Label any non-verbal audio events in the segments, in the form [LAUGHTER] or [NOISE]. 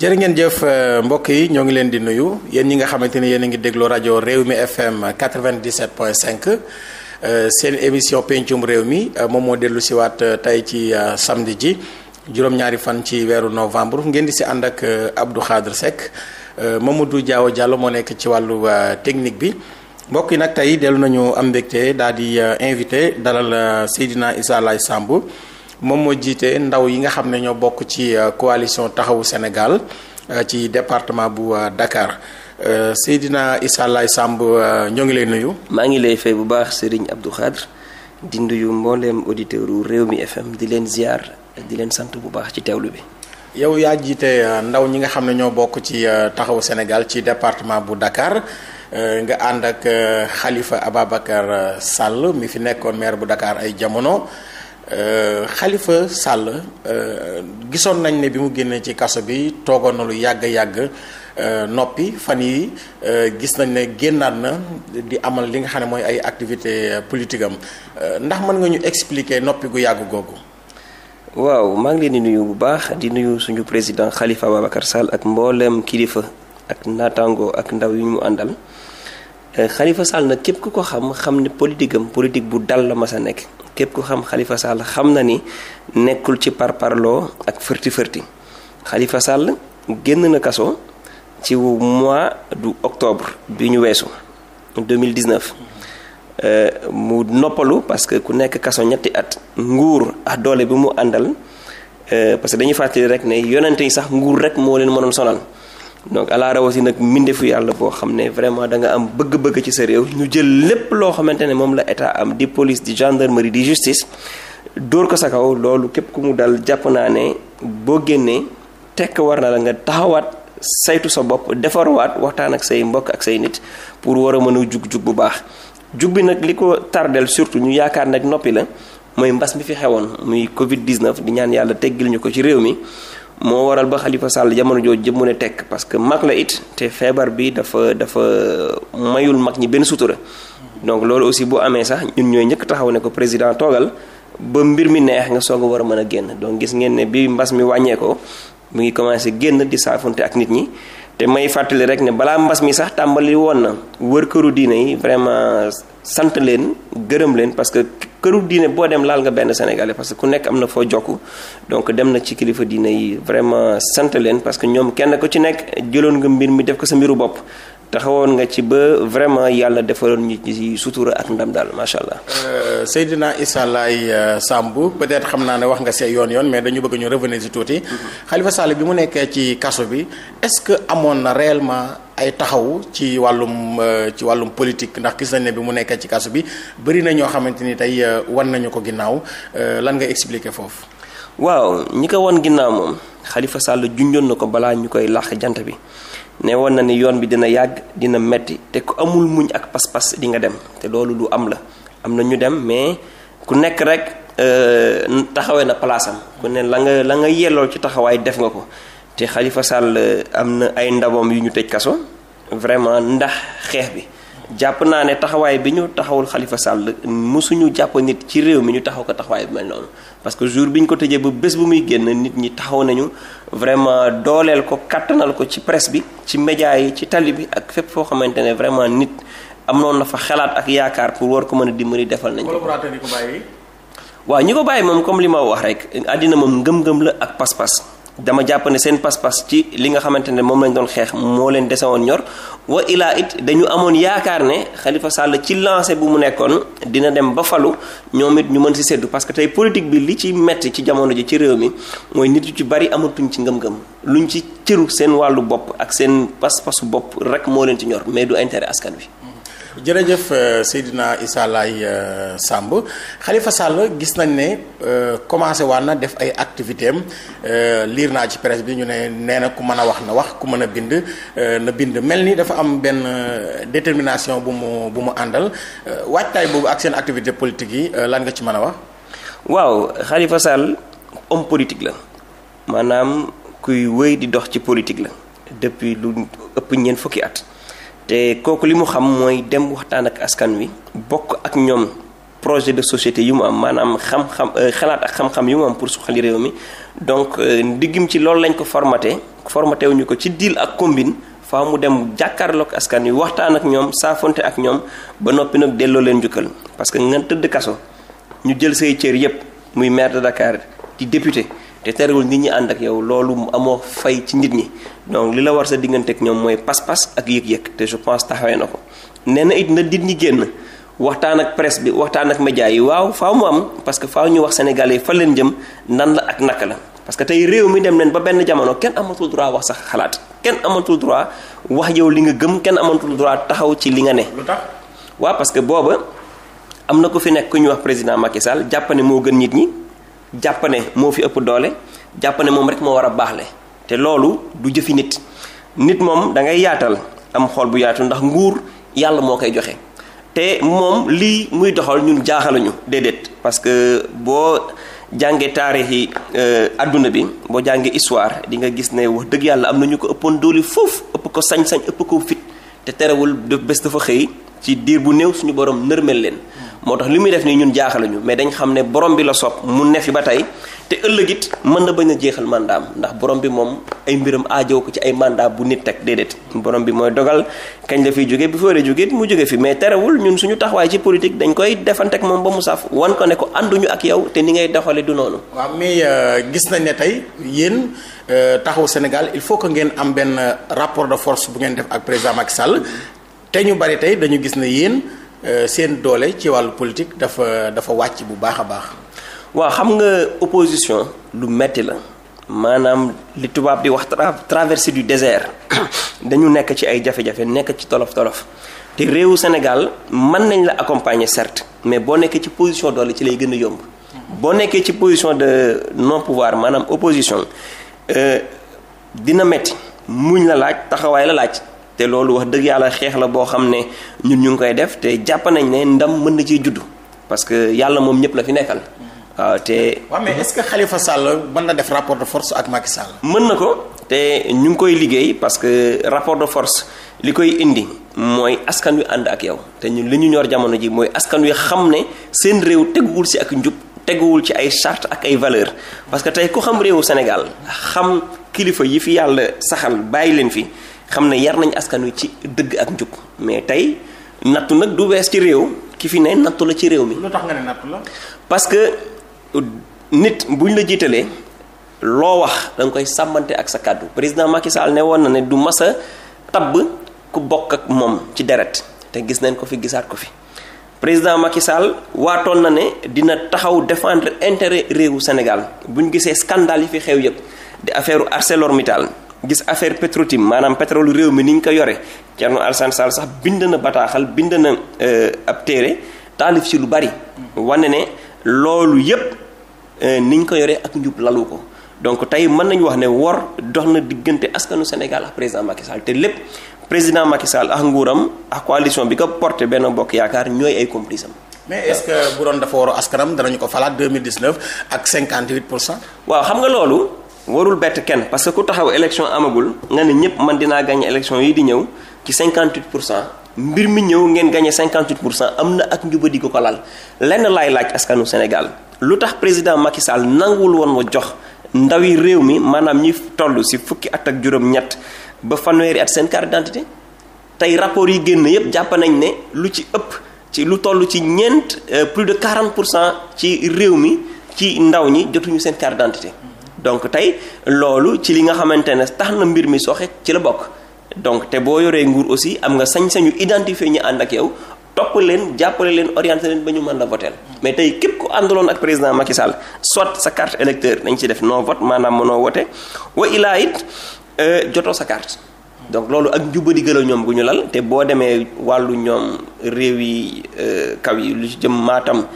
jërë ngeen jëf euh, mbokk yi ñoo ngi leen di nuyu yéen ñi nga xamante ni yéen a ngi dégloo rajo réew mi FM 97.5 euh, seen émission pencum réew mi euh, moom moo dellu si waat tey ci samdi ji juróom-ñaari fan ci weeru novembre ngeen di si ànd ak Abdou Khadre Seck du Diaw Diallo moo nekk ci wàllu technique bi mbokk yi nag tey dellu nañu am mbégte daal di invité dalal Seydina Issa Laye Samb. moom moo jiitee ndaw yi nga xam ne ñoo bokk ci euh, coalition taxawu Sénégal euh, ci département bu euh, Dakar Seydina Issa Laye Samb ñoo ngi lay nuyu. maa ngi lay fay bu baax Serigne Abdou Khadre di nuyu mbooleem auditeur réew mi FM di leen ziar di leen sant bu baax ci teewlu bi. yow yaa jiite ndaw ñi nga xam ne ñoo bokk ci taxawu Sénégal ci département bu Dakar. nga ànd ak xalifa Ababacar Sall mi fi nekkoon maire bu Dakar ay jamono xalifa euh, Sall euh, gisoon nañ ne bi mu génnee ci kaso bi toogoon na lu yàgg yàgg euh, noppi fan yi gis nañ ne génnaat na di amal li nga xam ne mooy ay activité politique am ndax mën nga ñu expliquer noppi gu yàgg googu. waaw maa ngi leen di nuyu bu baax di nuyu suñu président xalifa Babacar Sall ak mboolem kilifa ak naataango ak ndaw yu ñu àndal. xalifa Sall na képp ku ko xam xam ne politique am politique bu dal la mas a nekk képp ku xam xalifa Sall xam na ni nekkul ci par parparloo ak fërti fërti Khalifa Sall génn na kaso ci mois du octobre bi ñu weesu 2019 euh, mu noppalu parce que ku nekk kaso ñetti at nguur ak doole bi mu àndal euh, parce que dañuy fàttali rek ne yonente yi sax nguur rek moo leen mënoon sonal donc ala rawasi nag mbindeefu yàlla boo xam ne vraiment da nga am bëgg-bëgg ci sa réew ñu jël lépp loo xamante ne moom la état am di police di gendarmerie di justice dóor ko sa kaw loolu képp ku mu dal jàpp naa ne boo génnee tekk war na la nga taxawaat saytu sa bopp defar defarwaat waxtaan ak say mbokk ak say nit pour war a mën a jug jug bu baax jug bi nag li ko tardeel surtout ñu yaakaar nag noppi la mooy mbas mi fi xewoon muy Covid 19 di ñaan yàlla teggil ñu ko ci réew mi. moo waral ba Khalifa sàll jamono jooju jëm mu ne tekk parce que mag la it te feebar bi dafa dafa mayul mag ñi benn sutura donc loolu aussi boo amee sax ñun ñooy njëkk taxaw ne ko président toogal ba mbir mi neex nga soog war a mën a génn donc gis ngeen ne bi mbas mi wàññeekoo mu ngi commencé génn di saafonte ak nit ñi te may fàttali rek ne balaa mbas mi sax tàmbali woon na wër këru diine yi vraiment sant leen gërëm leen parce que këru diine boo dem laal nga benn sénégalais parce que ku nekk am na foo jokku donc dem na ci kilifa diine yi vraiment sant leen parce que ñoom kenn ku ci nekk jëloon nga mbir mi def ko sa mbiru bopp taxawoon nga ci ba vraiment yàlla defaloon ñu ci sutura ak ndam daal macha allah. Euh, Seydina Issa Laye euh, Samb peut-être xam naa ne wax nga see yoon yoon mais dañu bëgg ñu revenir si tuuti. Mm-hmm. Khalifa Sall bi mu nekkee ci kaso bi est-ce que amoon na réellement ay taxaw ci wàllum euh, ci wàllum politique ndax gis nañ ne bi mu nekkee ci kaso bi bëri na ñoo xamante ni tey wan nañu ko ginnaaw lan ngay expliquer foofu. waaw ñi ko wan ginnaaw moom Khalifa Sall junjoon na ko balaa ñu koy làq jant bi. ne woon na ni yoon bi dina yàgg dina metti te ku amul muñ ak pas-pas di nga dem te loolu du am la am na ñu dem mais ku nekk rek euh, taxawee na place am ku ne la nga la nga yelloo ci taxawaay def nga ko te xalifa Sall am na ay ndabam yu ñu tëj kaso vraiment ndax xeex bi jàpp naa ne taxawaay bi ñu taxawul Khalifa Sall mosuñu jàpp nit ci réew mi ñu taxaw ko taxawaay bi mel noonu parce que jour bi ñu ko tëjee ba bés bu muy génn nit ñi taxaw nañu vraiment dooleel ko kattanal ko ci press bi ci média yi ci tali bi ak fépp foo xamante ne vraiment nit am noon na fa xalaat ak yaakaar pour war ko mën a dimbali defal nañ ko waaw ñi ko bàyyi moom comme li ma wax rek àddina moom ngëm-ngëm la ak pas-pas dama jàpp ne seen pas-pas ci li nga xamante ne moom lañ doon xeex moo leen dese woon ñor wa ilaa it dañu amoon yaakaar ne xalifa Sall ci lancé bu mu nekkoon dina dem ba falu ñoom it ñu mën si seddu parce que tey politique bi li ci metti ci jamono ji ci réew mi mooy nit yu ci bari amatuñ ci ngëm-ngëm luñ ci cëru seen wàllu bopp ak seen pas-pasu bopp rek moo leen ci ñor mais du intérêt askan wi. jërëjëf euh, Seydina Issa Laye euh, Samb Khalifa Sall gis nañ ne euh, commencé waan na def ay activité am liir naa ci presse bi ñu ne nee na ku mën a wax na wax ku mën a bind na bind mel ni dafa am benn détermination bu mu bu mu àndal waajtaay boobu ak seen activité politique yi lan nga ci mën a wax. waaw Khalifa Sall homme politique la maanaam kuy wéy di dox ci politique la depuis lu ëpp ñeent fukki at. te kooku li mu xam mooy dem waxtaan ak askan wi bokk ak ñoom projet de société yu mu am maanaam xam-xam euh, xalaat ak xam-xam yu mu am pour suqali réew mi donc euh, ndiggim ci loolu lañ ko formate formaté wuñu ko ci deal ak combine fa mu dem jàkkaarloog askan wi waxtaan ak ñoom saafonte ak ñoom ba noppi nag delloo leen njukkal parce que nga tëdd kaso ñu jël say cër yépp muy maire de Dakar di député te terewul nit ñi ànd ak yow loolu amoo fay ci nit ñi donc li la war sa diggante ak ñoom mooy pas-pas ak yëg-yëg te je pense taxawee na ko nee na it na dit ñi génn waxtaan ak presse bi waxtaan ak média yi waaw faaw mu am parce que faaw ñu wax sénégalais fa leen jëm nan la ak naka la parce que tey réew mi dem leen ba benn jamono kenn amatul droit wax sax xalaat kenn amatul droit wax yow li nga gëm kenn amatul droit taxaw ci li nga ne. lu tax waaw parce que booba am na ko fi nekk ku ñuy wax président Macky Sall jàpp moo gën nit ñi jàpp moo fi ëpp doole jàpp ne moom rek moo war a baaxle. te loolu du jëfi nit nit moom da ngay yaatal am xool bu yaatu ndax nguur yàlla moo koy joxe te moom lii muy doxal ñun jaaxaluñu déedéet parce que boo jàngee taarixi euh, adduna bi boo jàngee histoire di nga gis ne wax dëgg yàlla am na ñu ko ëppoon doole foofu ëpp ko sañ-sañ ëpp ko fit te terewul de bés dafa xëy ci diir bu néew suñu borom nërmel leen. Mm. moo tax li muy def nii ñun jaaxaluñu mais dañ xam ne borom bi la sopp mu ne fi ba tey te ëllëg it mën na bañ a jeexal mandaam ndax borom bi moom ay mbiram aajow ko ci ay mandat bu nit teg déedéet borom bi mooy dogal kañ la fiy jóge bi fooree jóge it mu jóge fi mais terewul ñun suñu taxawaay ci politique dañ koy defanteeg moom ba mu saf wan ko ne ko ànduñu ak yow te ni ngay doxale du noonu. waaw mais euh, gis nañ ne tey yéen euh, taxawu Sénégal il faut que ngeen am benn rapport de force bu ngeen def ak président ak Sall te ñu bari tey dañu gis ne yéen euh, seen doole ci wàllu politique dafa dafa wàcc bu baax a baax. waaw xam nga opposition lu metti la maanaam li tubaab bi wax traversée du désert [COUGHS] dañu nekk ci ay jafe-jafe nekk ci tolof tolof te réewu Sénégal mën nañ la accompagner certes mais boo nekkee ci position doole ci lay gën a yomb. boo nekkee ci position de non pouvoir maanaam opposition euh, dina metti muñ la laaj taxawaay la laaj. te loolu wax dëgg yàlla xeex la boo xam ne ñun ñu ngi koy def te jàpp nañ ne ndam mën na ciy juddu parce que yàlla moom ñëpp la fi nekkal. waaw ah, te. waaw mais est-ce na def rapport de force ak Macky Sall. mën na ko te ñu ngi koy liggéey parce que rapport de force li koy indi mooy askan wi ànd ak yow te ñun li ñu ñor jamono ji mooy askan wi xam ne seen réew teguwul si ak njub teguwul ci ay charte ak ay valeur parce que tey ku xam réewu Sénégal xam kilifa yi fi yàlla saxal bàyyi leen fi xam ne yar nañ askan wi ci dëgg ak njub mais tey nattu nag du wees ci réew ki fi ne nattu la ci réew mi. lu tax nit bu buñ la jiitalee loo wax da koy sàmmante ak sa kàddu président Macky Sall ne woon na ne du mas tabb ku bokk ak moom ci deret te gis nañ ko fi gisaat ko fi président Macky Sall waatoon na ne dina taxaw défendre intérêt réewu Sénégal bu ñu gisee scandale yi fi xew yëpp di affaire ArcelorMittal gis affaire Petrotim maanaam pétrole réew mi ni ñu ko yore Thierno Alassane Sall sax bind na bataaxal bind na euh, ab téere taalif ci lu bari wane ne loolu yépp eh, niñ ko yoree ak njub lalu ko donc tey mën nañu wax ne wor dox na diggante askanu Sénégal ak président Macky Sall te lépp président Macky Sall ak nguuram ak coalition bi porté benn bokk yaakaar ñooy ay complice am mais est-ce que bu doon dafa waroo askanam danañu ko falaat 2019 ak 58 pour cent. waaw xam nga loolu warul bett kenn parce que ku taxaw élection amagul nga ne ñëpp man dinaa gagné élection yi di ñëw ci 58 pour cent mbir mi ñëw ngeen gagné 58 pour cent am na ak njubadi ko ko lal lenn laay laaj askanu Sénégal lu tax président Macky Sall nanguwul woon wa jox ndawi réew mi maanaam ñi tollu si fukki at ak juróom-ñett ba fanweeri at seen carte d'identité tey rapport yi génn yépp jàpp nañ ne lu ci ëpp ci lu toll ci ñeent euh, plus de 40 pour cent ci réew mi ci ndaw ñi jotuñu seen carte d'identité donc tey loolu ci li nga xamante ne tax na mbir mi soxe ci la bokk. donc te boo yoree nguur aussi am nga sañ-sañu identifier ñu ànd ak yow topp leen jàppale leen orienté leen ba ñu mën la voter mais tey képp ku àndaloon ak président Macky Sall soit sa carte électeur dañ ci def noo vote maanaam mënoo wote wa ilaa it euh, jotoo sa carte donc loolu ak njubadi gëla ñoom gu ñu lal te boo demee wàllu ñoom réew yi euh, kaw yi lu ci jëm Matam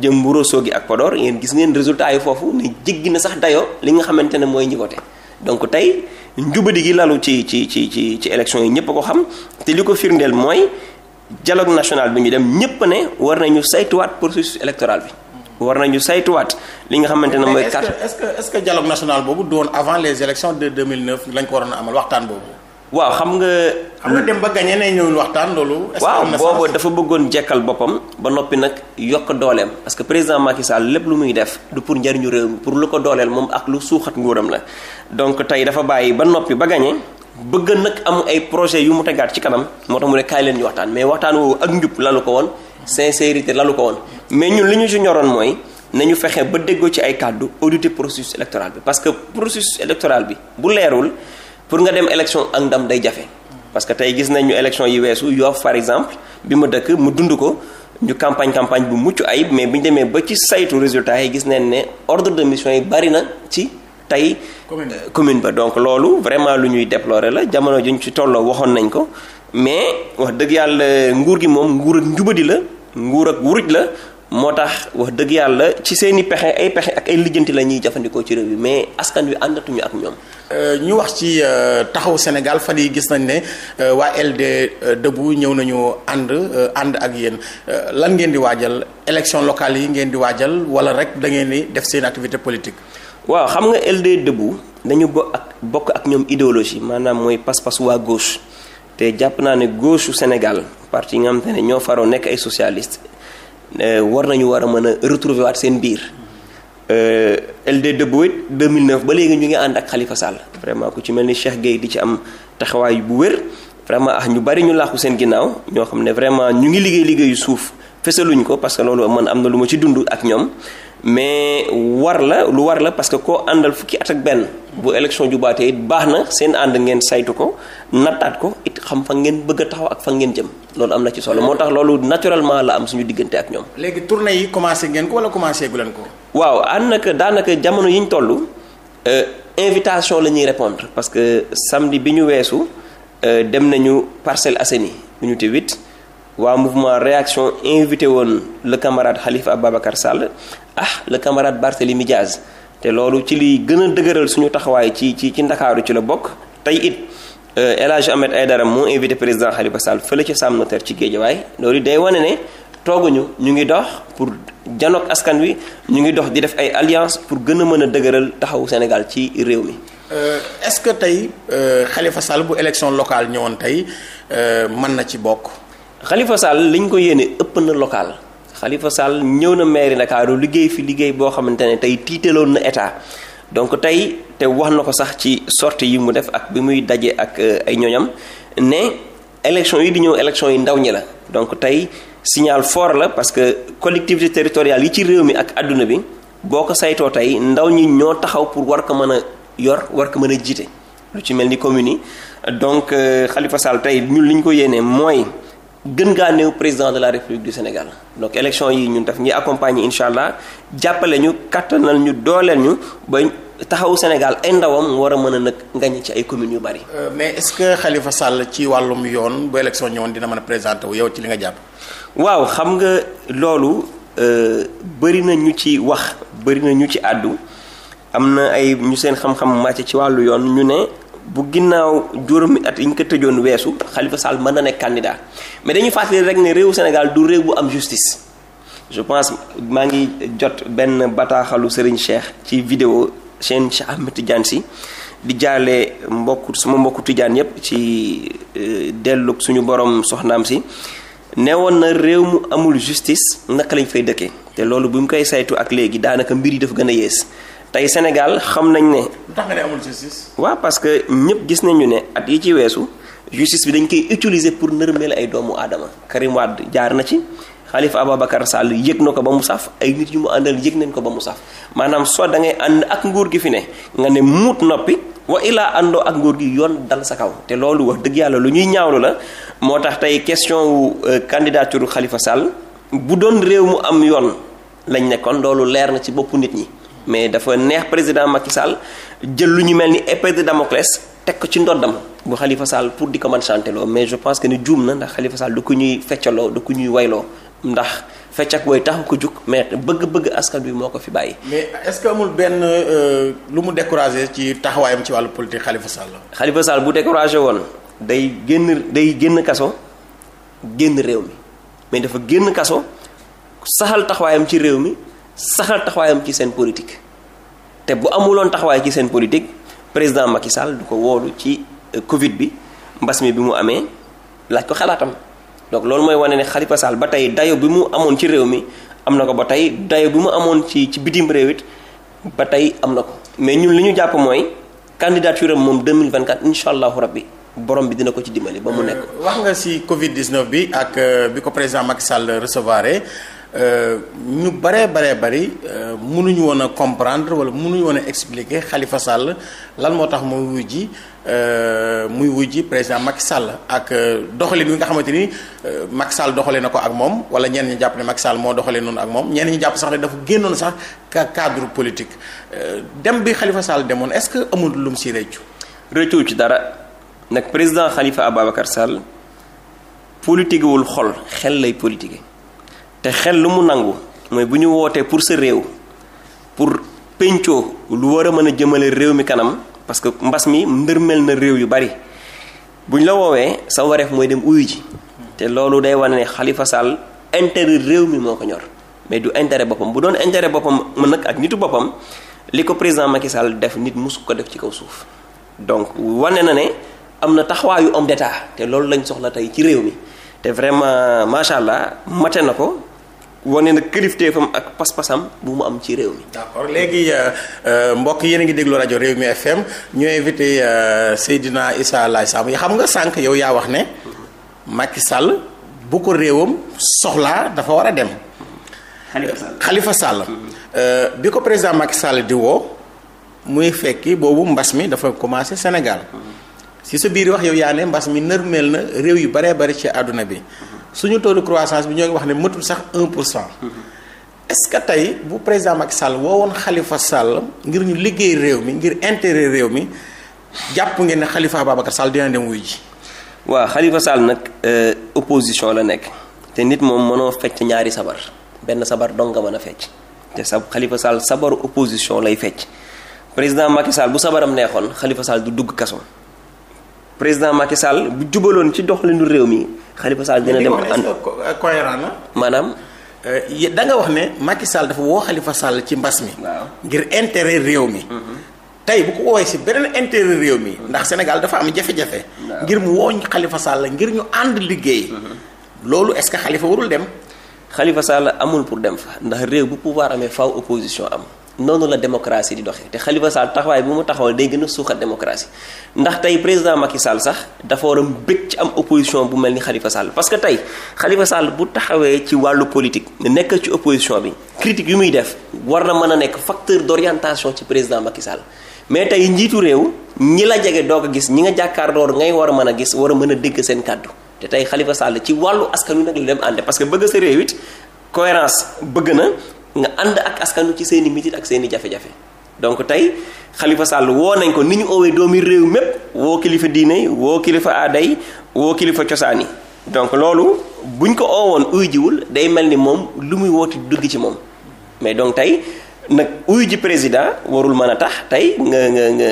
jëm Mburo Sogi ak Podor yéen gis ngeen résultat yi foofu ne jéggi na sax dayo li nga xamante ne mooy ñi voté donc tey njubadi gi lalu ci ci ci ci ci élection yi ñëpp ko xam te li ko firndeel mooy dialogue national bi ñu dem ñëpp ne war nañu saytuwaat processus électoral bi. war nañu saytuwaat li nga xamante ne mooy. carte est-ce que est dialogue national boobu doon avant les élections de 2009 lañ ko waroon a amal waxtaan boobu. waaw xam nga. xam nga dem ba gagné nañ ñëw waxtaan loolu. waaw boobu dafa bëggoon jekkal boppam ba noppi nag yokk dooleem parce que président Macky Sall lépp lu muy def du pour njariñu réew mi pour lu ko dooleel moom ak lu suuxat nguuram la. donc tey dafa bàyyi ba noppi ba gagné bëgg nag am ay projet yu mu tegaat ci kanam moo tax mu ne kaay leen ñu waxtaan mais waxtaan woowu ak njub lalu ko woon sincérité lalu ko woon mais ñun li ñu si ñoroon mooy. nañu fexe ba déggoo ci ay kàddu auditer processus électoral bi parce que processus électoral bi bu leerul. pour nga dem élection ak ndam day jafe. parce que tey gis nañu élection yi weesu yow par exemple bi ma dëkk mu dund ko ñu campagne campagne bu mucc ayib mais bi ñu demee ba ci saytu résultat yi gis nañ ne ordre de mission yi bari na ci tey. commune ba euh, donc loolu vraiment lu ñuy déplorer la jamono juñ ci tolloo waxoon nañ ko mais wax dëgg yàlla nguur gi moom nguur ak njubadi la nguur ak wuruj la. moo tax wax dëgg yàlla ci seen i pexe ay pexe ak ay lijjanti la ñuy jëfandikoo ci réew mi mais askan wi àndatuñu ak ñoom. Euh, ñu wax ci euh, taxaw Sénégal fan yi gis nañ ne euh, waa LD Debout ñëw nañu ànd ànd ak yéen lan ngeen di waajal élection locale yi ngeen di waajal wala rek da ngeen di def seen activité politique. waaw xam nga LD Debout dañu bo ak bokk ak ñoom idéologie maanaam mooy pas-pas waa gauche te jàpp naa ne gauche su Sénégal parti yi nga xam te ne ñoo faroo nekk ay socialiste Euh, war nañu war a mën a retrouver waat seen biir euh, LD Debout 2009 ba léegi ñu ngi ànd ak Khalifa Sall vraiment ku ci mel ni Cheikh Gueye di ci am taxawaay bu wér vraiment ah ñu bari ñu laaxu seen ginnaaw ñoo xam ne vraiment ñu ngi liggéey liggéeyu suuf fesaluñ ko parce que loolu man am na lu ma ci dundu ak ñoom mais war la lu war la parce que koo àndal fukki at ak benn bu élection jubaatee it baax na seen ànd ngeen saytu ko nattaat ko it xam fa ngeen bëgg a taxaw ak fa ngeen jëm loolu am na ci solo moo tax loolu naturellement la am suñu diggante ak ñoom. léegi tournée yi commencé ngeen ko wala commencé gu leen ko. waaw ànd nag daanaka jamono yi ñu toll euh, invitation la ñuy répondre parce que samedi bi ñu weesu euh, dem nañu Parcelles Assainies unité 8. waa mouvement réaction invité woon le camarade Khalifa Ababacar Sall ah le camarade Barthélémy Diaz te loolu ci liy gën a dëgëral suñu taxawaay ci ci ci ndakaaru ci la bokk tey it euh, El Hadj Ahmed Aïdara moo invité président Khalifa Sall fële ci Sam Notaire ci Géejawaay loolu day wane ne tooguñu ñu ngi dox pour janoog askan wi ñu ngi dox di def ay alliance pour gën a mën a dëgëral taxawu Sénégal ci réew mi. Euh, est-ce que tey euh, Khalifa Sall bu élection locale ñëwoon tey mën na ci bokk. Khalifa Sall liñ ko yéene ëpp na local xalifa Sall ñëw na mairie Ndakaaru liggéey fi liggéey boo xamante ne tey tiitaloon na état donc tey te wax na ko sax ci sortie yi mu def ak bi muy daje ak euh, ay ñooñam ne élection yi di ñëw élection yi ndaw ñi la donc tey signal fort la parce que collectivité territoriale yi ci réew mi ak àdduna bi boo ko saytoo tey ndaw ñi ñoo taxaw pour war ko mën a yor war ko mën a jiite lu ci mel ni communes yi donc euh, Khalifa Sall tey ñun li ko yéene mooy gën ngaa président de la république du Sénégal donc élection yi ñun daf ñuy accompagner incha allah jàppale ñu kattanal ñu dooleel ñu ba taxawu Sénégal ay ndawam war a mën a nag ngañ ci ay communes yu bari. Euh, mais est-ce que Sall ci wàllum yoon bu élection ñëwoon dina mën a présenter wu yow ci li nga jàpp. waaw xam nga loolu euh, bëri na ñu ci wax bëri na ñu ci àddu am na ay ñu seen xam-xam màcc ci wàllu yoon ñu ne. bu ginnaaw juróomi at yi ñu ko tëjoon weesu Khalifa Sall mën na nekk candidat mais dañuy fàttali rek ne réewu Sénégal du réew bu am justice je pense maa ngi jot benn bataaxalu Serigne Cheikh ci vidéo chaîne Cheikh Ahmed Tidiane si di jaalee mbokk suma mbokku Tidiane yépp ci euh, dellug suñu borom soxnaam si nee woon na réew mu amul justice naka lañ fay dëkkee te loolu bu mu koy saytu ak léegi daanaka mbir yi dafa gën a yées tey Sénégal xam nañ ne. tax nga ne amul justice. waaw parce que ñëpp gis nañu ne at yi ci weesu justice bi dañ koy utiliser pour nërmeel ay doomu aadama Karim jaar na ci. Khalifa Ababacar Sall yëg na ko ba mu saf ay nit yu mu àndal yëg nañ ko ba mu saf maanaam soo da ànd ak nguur gi fi ne nga ne muut noppi wa illaa àndoo ak nguur gi yoon dal sa kaw te loolu wax dëgg yàlla lu ñuy ñaawlu la moo tax tey question wu euh, candidature Khalifa Sall bu doon réew mu am yoon lañ nekkoon loolu leer na ci boppu nit ñi. mais dafa neex président Macky Sall jël lu ñu mel ni épée de Damoclès teg ko ci ndoddam bu xalifa Sall pour di ko mën chanteloo mais je pense que ni juum na ndax Khalifa Sall du ko ñuy feccaloo du ko ñuy wayloo ndax fecc ak woy taxu ko jug mais bëgg-bëgg askan bi moo ko fi bàyyi. mais est-ce que amul benn euh, lu mu découragé ci taxawaayam ci wàllu politique Khalifa Sall. Khalifa bu découragé woon day génn day génn kaso génn réew mi mais dafa génn kaso saxal taxawaayam ci réew mi. saxal taxawaayam ci seen politique te bu amuloon taxawaay ci seen politique président Macky Sall du ko woolu ci euh, Covid bi mbas mi bi mu amee laaj ko xalaatam donc loolu mooy wane ne Khalifa Sall ba tey dayo bi mu amoon ci réew mi am na ko ba tey dayo bi mu amoon ci ci bitim réew it ba tey am na ko mais ñun li ñu jàpp mooy candidature am moom 2024 incha allahu bi borom bi dina ko ci dimbali ba mu nekk. Euh, wax nga ci Covid 19 bi ak euh, bi ko président Macky Sall recevoir Euh, ñu baree bare bari euh, munuñu woon a comprendre wala munuñu woon a expliquer Khalifa Sall lan moo tax muy wuy ji euh, muy wuy ji président Macky Sall ak doxalin wi nga xamante ni Macky Sall doxalee na ko ak moom wala ñenn ñi jàpp ne Macky Sall moo doxalee noonu ak moom ñenn ñu jàpp sax ne dafa génnoon sax cadre politique dem bi Khalifa Sall demoon est-ce que amul lu mu si réccu réccu ci dara nag président Khalifa Ababacar Sall politiquewul xol xel lay politiquer te xel lu mu nangu mooy bu ñu wootee pour sa réew pour pencoo lu war a mën a jëmale réew mi kanam parce que mbas mi ndërmel na réew yu bari buñ la woowee sa wareef mooy dem uyu ji te loolu day wane ne Khalifa Sall intérêt réew mi moo ko ñor mais du intérêt boppam bu doon intérêt boppam mën nag ak nitu boppam li ko président Macky Sall def nit musu ko def ci kaw suuf donc wane na ne am na taxawaayu homme d'état te loolu lañ soxla tey ci réew mi te vraiment macha allah mate na ko wane na fam ak pas-pasam bu mu am ci réew mi. d'accord léegi euh, euh, mbokk yéen a ngi déglu rajo Réew mi fam ñu invité euh, Seydina Issa Laye Samb yi xam nga sànq yow yaa wax ne Macky sàll bu ko réewam soxlaa dafa war a dem. Khalifa Sall Khalifa bi ko président Macky Sall di woo muy fekki boobu mbas mi dafa commencé Sénégal. si sa biir wax yow yaa ne mbas mi nërmeel na réew yu baree bari ci àdduna bi. suñu taux de croissance bi ñoo ngi wax ne mëtul sax un pour cent. est que tey bu président Macky Sall woowoon xalifa Sall ngir ñu liggéey réew mi ngir intérêt réew mi jàpp ngeen ne Khalifa Ababacar Sall dina dem wuy ji. waa Khalifa Sall nag euh, opposition la nekk te nit moom mënoo fecc ñaari sabar benn sabar dong nga mën a fecc te sa Khalifa Sall sabaru opposition lay fecc président Macky Sall bu sabaram neexoon Khalifa Sall du dugg kaso. président Macky Sall bu jubaloon ci doxalinu réew mi Khalifa Sall dina dem. ànd euh, cohérent na maanaam. Euh, da nga wax ne Macky dafa woo xalifa Sall ci mbas mi. ngir intérêt réew mi. Mhm. tey bu ko woowee si beneen intérêt réew mi. Mhm. ndax Sénégal dafa am jafe-jafe. ngir mu wooñ Khalifa Sall ngir ñu ànd liggéey. Mhm. loolu est-ce que Khalifa warul dem. Khalifa Sall amul pour dem fa ndax réew bu pouvoir amee faaw opposition am. noonu la démocratie di doxee te Khalifa Sall taxawaay bi mu taxawal day gën a suuxat démocratie ndax tey président Macky Sall sax dafa war a bëgg ci am opposition bu mel ni Khalifa Sall parce que tey Khalifa Sall bu taxawee ci wàllu politique nekk ci opposition bi critique yu muy def war na mën a nekk facteur d'orientation ci président Macky Sall mais tey njiitu réew ñi la jege doo ko gis ñi nga jàkkaarloor ngay war a mën a gis war a mën a dégg seen kàddu te tey Khalifa Sall ci wàllu askan wi nag la dem ànde parce que bëgg sa réew it cohérence bëgg na nga ànd ak askanu ci seen i mitit ak seeni i jafe-jafe donc tey xalifa Sall woo nañ ko ni ñu oowee doomi réew mépp woo kilifa diine woo kilifa aaday woo kilifa cosaan yi donc loolu buñ ko oowoon uy jiwul day mel ni moom lu muy wooti dugg ci moom mais donc tey nag uy ji président warul mën a tax tey nga nga nga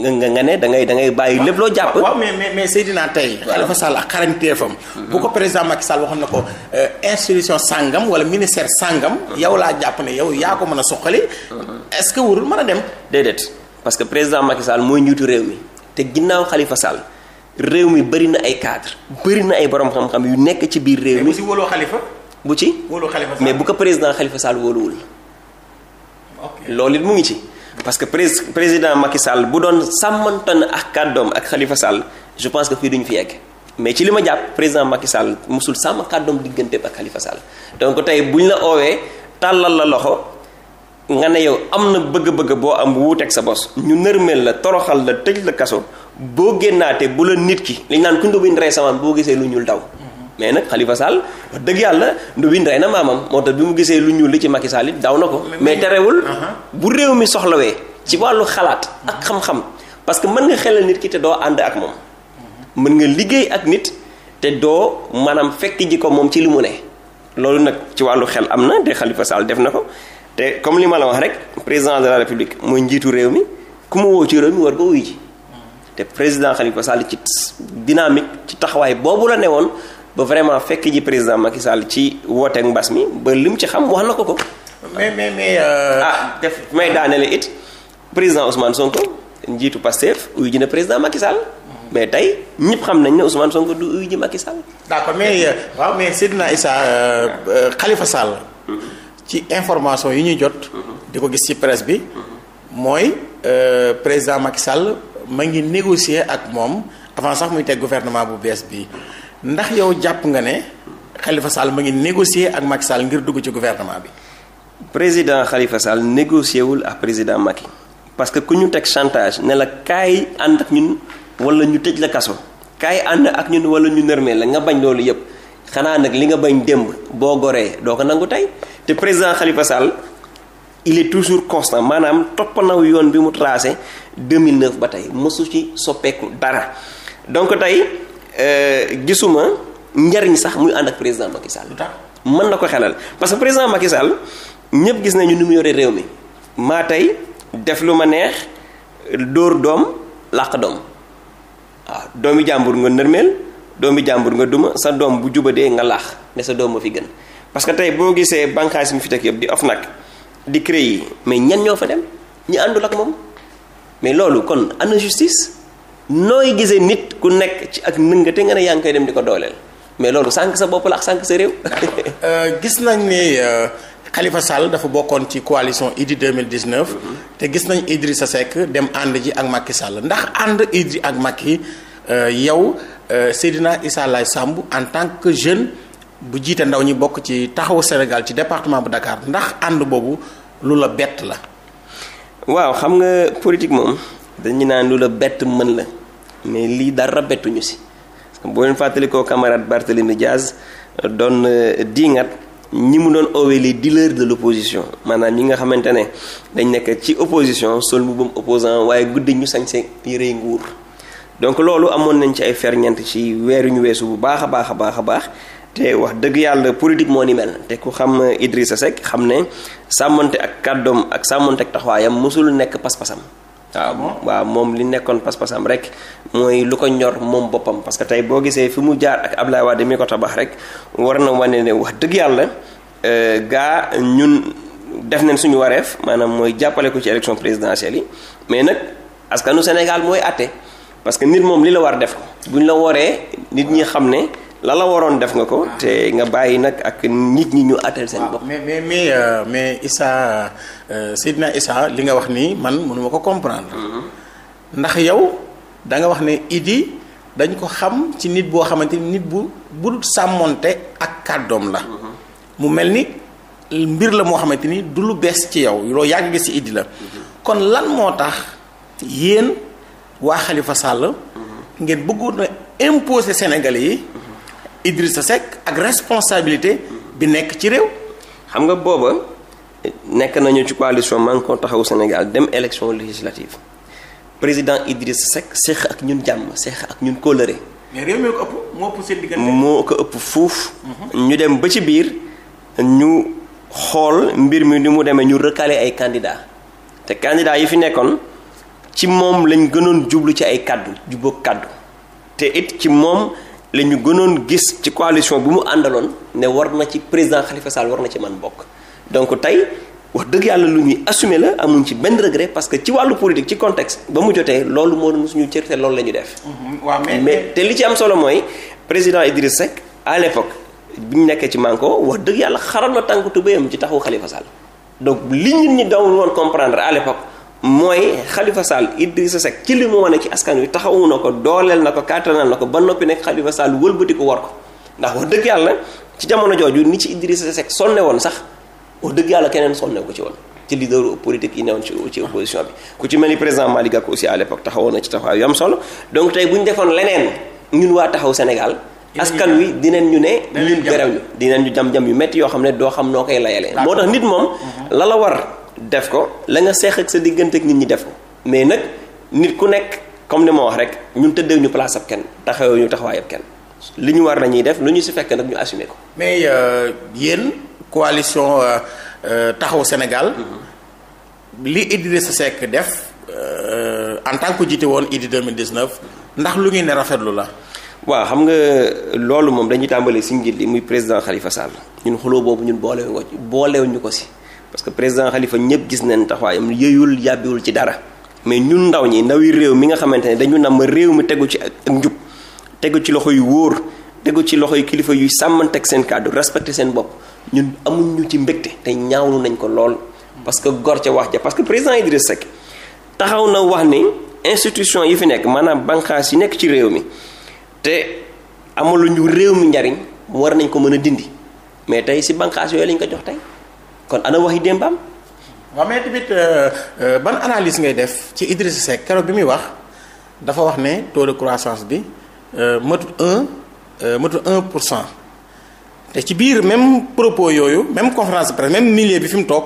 nga nga ne da ngay da ngay bàyyi lépp loo jàpp. waaw mais mais mais Seydina tey. waaw Khalifa Sall ak xarañteefam. Hmm. bu ko président Macky Sall waxoon na ko euh, institution sangam wala ministère sangam. Hmm. yow laa jàpp ne yow yaa ko mën a suqali. Hmm. est-ce que warul mën a dem. déedéet parce que président Macky Sall mooy njiitu réew mi te ginnaaw Khalifa Sall. réew mi bëri na ay cadre bëri na ay borom xam-xam yu nekk ci biir réew mi. bu ci wóoloo Khalifa. bu ci wóoloo Khalifa Sall mais bu ko président Khalifa Sall wóoluwul. loolu it mu ngi ci. parce que président Macky Sall bu doon sàmmantoon ak kàddoom ak Khalifa Sall je pense que fii duñu fi yegg mais ci li ma jàpp président Macky Sall musul sàmm kàddoom diggante ak Khalifa Sall donc tey bu ñu la oowee tàllal la loxo nga ne yow am na bëgg-bëgg boo am wuuteeg sa bos ñu nërmeel la toroxal la tëj la kaso boo génnaatee bu la nit ki liñ naan ku buñ rey samaan boo gisee lu ñuul daw mais nag Khalifa Sall dëgg yàlla ndobin rey na maamam moo tax bi mu gisee lu ñuul li ci Macky Sall it daw na ko. mais terewul. Uh-huh. bu réew mi soxlawee. ci wàllu xalaat ak uh-huh. xam-xam parce que mën nga xelal nit ki te doo ànd ak moom. Uh-huh. mën nga liggéey ak nit te doo maanaam fekk ji ko moom ci li mu ne. loolu nag ci wàllu xel am na te Khalifa Sall def na ko te comme li ma la wax rek président de la république mooy njiitu réew mi ku mu woo ci réew mi war ko wuy ji. te président Khalifa Sall ci dynamique ci taxawaay boobu la newoon. ba vraiment fekk ji président Macky Sall ci wooteeg mbas mi ba lim ci xam wax na ko ko. mais mais mais. Euh, ah def may daanele it président usman Sonko njiitu Pastef uyu ji na président Macky Sall. mais tey ñëpp xam nañ ne Ousmane du ji Macky Sall. d'accord mais euh, waaw mais Seydina Issa euh, Khalifa Sall. ci information yi ñuy jot. di ko gis ci presse bi. mooy président Macky Sall ma ngi négocier ak moom avant sax muy teg gouvernement bu bees bi ndax yow jàpp nga ne Khalifa Sall ma ngi négocier ak Macky Sall ngir dugg ci gouvernement bi. président Khalifa Sall négocier ak président Macky parce que ku ñu teg chantage ne la kaay ànd ak ñun wala ñu tëj la kaso kaay ànd ak ñun wala ñu nërmee la nga bañ loolu yëpp xanaa nag li nga bañ démb boo goree doo ko nangu tey te président Khalifa Sall il est toujours constant maanaam toppanaw yoon bi mu tracé 2009 ba tey mosu ci soppeeku dara donc tey. Euh, gisuma njariñ sax muy ànd ak président Macky Sall. mën na ko xelal parce que président Macky Sall ñëpp gis nañu ni mu yore réew mi maa tey def lu ma neex dóor doom làq doom waaw doomi jàmbur nga nërmeel doomi jàmbur nga duma sa doom bu juba dee nga laax ne sa doom ma fi gën parce que tey boo gisee bànqaas mi fi teg yëpp di OFNAC di yi mais ñan ñoo fa dem ñu àndul ak moom mais loolu kon ana justice. nooy gisee nit ku nekk ci ak nëngate nga ne yaa ngi koy dem di ko dooleel mais loolu sànq sa bopp la ak sànq sa réew. [LAUGHS] Euh, gis nañ ni euh, Khalifa Sall dafa bokkoon ci coalition Idy 2019. Mm-hmm. te gis nañ sa Seck dem ànd ji ak Macky Sall ndax ànd Idy ak Macky euh, yow Seydina Issa Laye Samb en tant que jeune bu jiite ndaw ñi bokk ci taxawu Sénégal ci département bu Dakar ndax ànd boobu lu la bett la. waaw xam nga politique moom. dañu naan lu bett mën la mais lii dara bettuñu si boo leen fàttalikoo camarade Barthélemy Diaz euh, doon euh, diingat ñi mu doon oowee lii dealers de l' opposition maanaam ñi nga xamante ne dañ nekk ci opposition sol bu bam opposant waaye guddi ñu sañse yërey nguur donc loolu amoon nañ ci ay ferñeent ci weer yu ñu weesu bu baax a baax a baax a baax te wax dëgg yàlla politique moo ni mel te ku xam euh, idri sa Seck xam ne sàmmante ak kàddoom ak sàmmante ak taxawaayam mosul nekk pas-pasam waaw waaw moom li nekkoon pas-pasam rek mooy lu ko ñor moom boppam parce que tey boo gisee fi mu jaar ak Ablaye Wade mi ko tabax rek war na wane ne wax dëgg yàlla euh, gaa ñun def nañ suñu wareef maanaam mooy jàppale ko ci élection présidentielle yi mais nag askanu Sénégal mooy àtte parce que nit moom li la war def ko buñ la waree nit ñi xam ne la la waroon def nga ko te nga bàyyi nag ak nit ñi ñu àttal seen bopp ah, mais mais mais euh, Issa Euh, Seydina Isa li nga wax nii man mënuma ko comprendre. Mm-hmm. ndax yow danga wax ne Idi dañ ko xam ci nit boo xamante ni nit bu bu sàmmonte ak kàddoom la. Mm-hmm. mu mel ni mbir la moo xamante ni du lu bees ci yow loo yàgg nga si Idi la. Mm-hmm. kon lan moo tax yéen waa Khalifa sàll ngeen bëggoon na imposer Sénégalais yi. Idrissa Seck ak responsabilité bi nekk ci réew. xam nga booba. nekk nañu ci coalition Manko taxawu Sénégal dem élection législative président Idriss Seck seex ak ñun jàmm seex ak ñun kóllëre. mais ko ëpp moo moo ko ëpp fuuf. Mhm. ñu dem ba ci biir ñu xool mbir mi ni mu demee ñu recalé ay candidats te candidats yi fi nekkoon ci moom lañ gënoon jublu ci ay kàddu jubóog kàddu te it ci moom lañu gënoon gis ci coalition bu mu àndaloon ne war na ci président Khalifa Sall war na ci man bokk. donc tey wax dëgg yàlla lu ñuy assumé la amuñ ci benn regret parce que ci wàllu politique ci contexte ba mu jotee loolu moo doon suñu cër loolu la ñu def. Mm-hmm. waaw mais te li ci am solo mooy président Idriss Seck à l'époque bi ñu nekkee ci manko wax dëgg yàlla xaroon na tànk tubéyam ci taxu Khalifa Sall. donc li ñu ñi dawul woon comprendre à l'époque mooy xalifa saal Idrissa Seck ci li mu ci askan wi taxawu na ko dooleel na ko kàttanal na ko ba noppi nekk Khalifa Sall wëlbati ko ndax dëgg yàlla ci jamono jooju ni ci Idrissa Seck sonne woon sax. wax dëgg yàlla keneen sonne ko ci woon ci leader politique yi newoon ci ci opposition bi ku ci mel ni président Malick Gakou aussi à l'époque taxawoon na ci taxawaay yu am solo donc tey bu ñu defoon leneen ñun waa taxaw Sénégal askan wi dinañ ñu ne ñun gërëm ñu ñu jam-jam yu métti yoo xam ne doo xam noo koy layalee moo tax nit moom mhm. la la war def ko la nga seex sa diggante nit ñi def ko nag nit ku nekk comme ni ma wax rek ñun tëddeew ñu place ab kenn taxawee ñu taxawaay kenn li ñu war la ñuy def lu ñu si fekk nag ñu assumer ko euh, yéen coalition euh, euh, taxaw Sénégal mm-hmm. li Idrissa Seck def euh, en tant que jiite woon Idi 2019 ndax lu ngeen ne rafetlu la. waaw xam nga loolu moom dañuy tàmbalee si njiit li muy président Khalifa Sall ñun xuloo boobu ñun boolewuñu ko boolewuñu ko si parce que président Khalifa ñëpp gis nañ taxawaayam yëyul yàbbiwul ci dara mais ñun ndaw ñi ndaw yi réew mi nga xamante ne dañu nam réew mi tegu ci ak njub tegu ci loxo yu wóor tegu ci loxo yu kilifa yuy sàmmanteeg seen kàddu respecté seen bopp. ñun ñu ci mbégte te ñaawlu nañ ko lool parce que gor ca wax ja parce que président Idriss Seck taxaw na wax ni institution yi fi nekk maanaam banqaas yi nekk ci réew mi te ñu réew mi njariñ war nañ ko mën a dindi mais tey si banqaas yooyu lañ ko jox tey kon ana waxi démbaam waaw mais tamit euh, euh, ban analyse ngay def ci Idriss Seck keroog bi muy wax dafa wax ne taux de croissance bi euh, matul 1 matul un pour cent ci biir même propos yooyu même conférence de presse même bi fi mu toog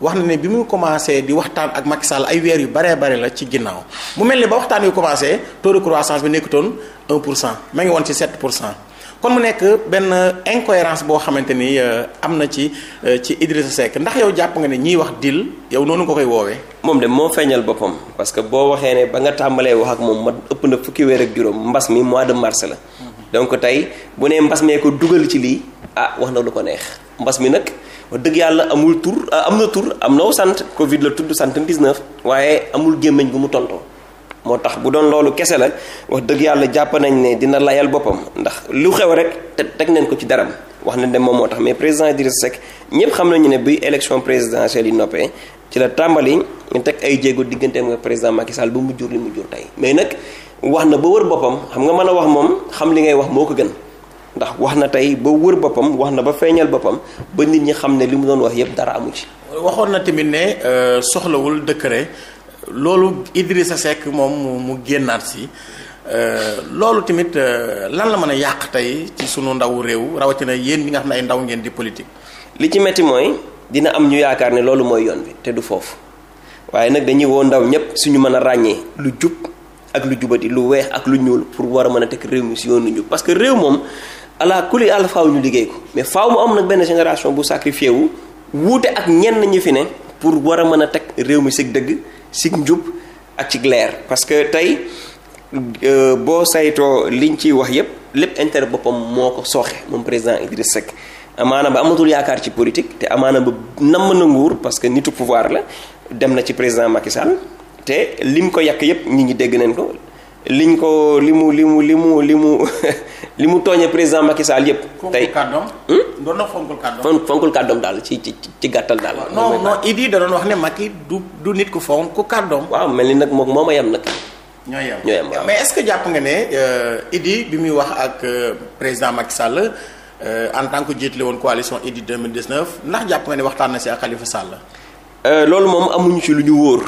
wax na ne bi mu commencé di waxtaan ak Macky Sall ay weer yu baree bare la ci ginnaaw mu mel ni ba waxtaan yu commencé taux de croissance bi nekk toon pour cent ma ngi woon ci 7 pour cent kon mu nekk benn incohérence boo xamante ni euh, am na ci euh, ci Idrissa Seck ndax yow jàpp nga ne ñiy wax dil yow noonu nga koy woowee. moom de moo feeñal boppam parce que boo waxee ne ba nga tàmbalee wax ak moom ma ëpp na fukki weer ak juróom mbas mi mois de mars la mm-hmm. donc tey bu nee mbas mee ko dugal ci lii. ah wax na lu ko neex mbas mi nag wax dëgg yàlla amul tur ah, am na tur am na sant Covid la tudd sant 19 waaye amul gémmiñ bu mu tontoo moo tax bu doon loolu kese la wax dëgg yàlla jàpp nañ ne dina layal boppam ndax lu xew rek te teg nañ ko ci daram wax nañ ne moom moo tax mais président di Seck ñëpp xam nañu ne buy élection présidentielle yi noppee ci la tàmbali ñu teg ay jéego digganteem nga président Macky Sall ba mu jur li mu jur tey mais nag wax na ba wër boppam xam nga mën a wax moom xam li ngay wax moo ko gën. ndax wax na tey ba wër boppam wax na ba feeñal boppam ba nit ñi xam ne li mu doon wax yépp dara amu ci. waxoon na tamit ne euh, soxlawul décret loolu Idrissa Seck moom mu génnaat si euh, loolu tamit euh, lan la mën a yàq tey ci sunu ndaw réew rawatina yéen ñi nga xam ne ay ndaw ngeen di politique. li ci métti mooy dina am ñu yaakaar ne loolu mooy yoon bi te du foofu waaye nag dañuy woo ndaw ñépp suñu mën a ràññee lu jub ak lu jubati lu weex ak lu ñuul pour war a mën a teg réew si yoonu ñu parce que réew moom. ala kuli àll faw ñu liggéey ko mais faw mu am nag benn génération bu sacrifié wu wuute ak ñenn ñu fi ne pour war a mën a teg réew mi sig dëgg sig njub ak ci leer parce que tey euh, boo saytoo liñ ciy wax yépp lépp intérêt boppam moo ko sooxe moom président Idriss Seck amaana ba amatul yaakaar ci politique te amaana ba namm na nguur parce que nitu pouvoir la dem na ci président Macky Sall te lim ko yàq yépp nit ñi dégg nañ ko liñ ko li mu li mu li mu li mu li [LAUGHS] mu tooñee président Macky Sall yëpp. tey fonkul kàddoom. Hmm? doon na fonkul kàddoom. fonkul kàddoom daal ci ci ci gàttal daal. non non Idi da doon wax ne Macky du du nit ku fonk ku kàddoom. waaw mel ni nag moom moo ma yem nag. ñoo yem ñoo yem waaw mais est-ce que jàpp nga ne euh, Idi bi muy wax ak euh, président Macky Sall euh, en tant que jiitle woon coalition Idi 2019 ndax jàpp nga ne waxtaan na si ak Khalifa Sall. loolu moom amuñu ci lu ñu wóor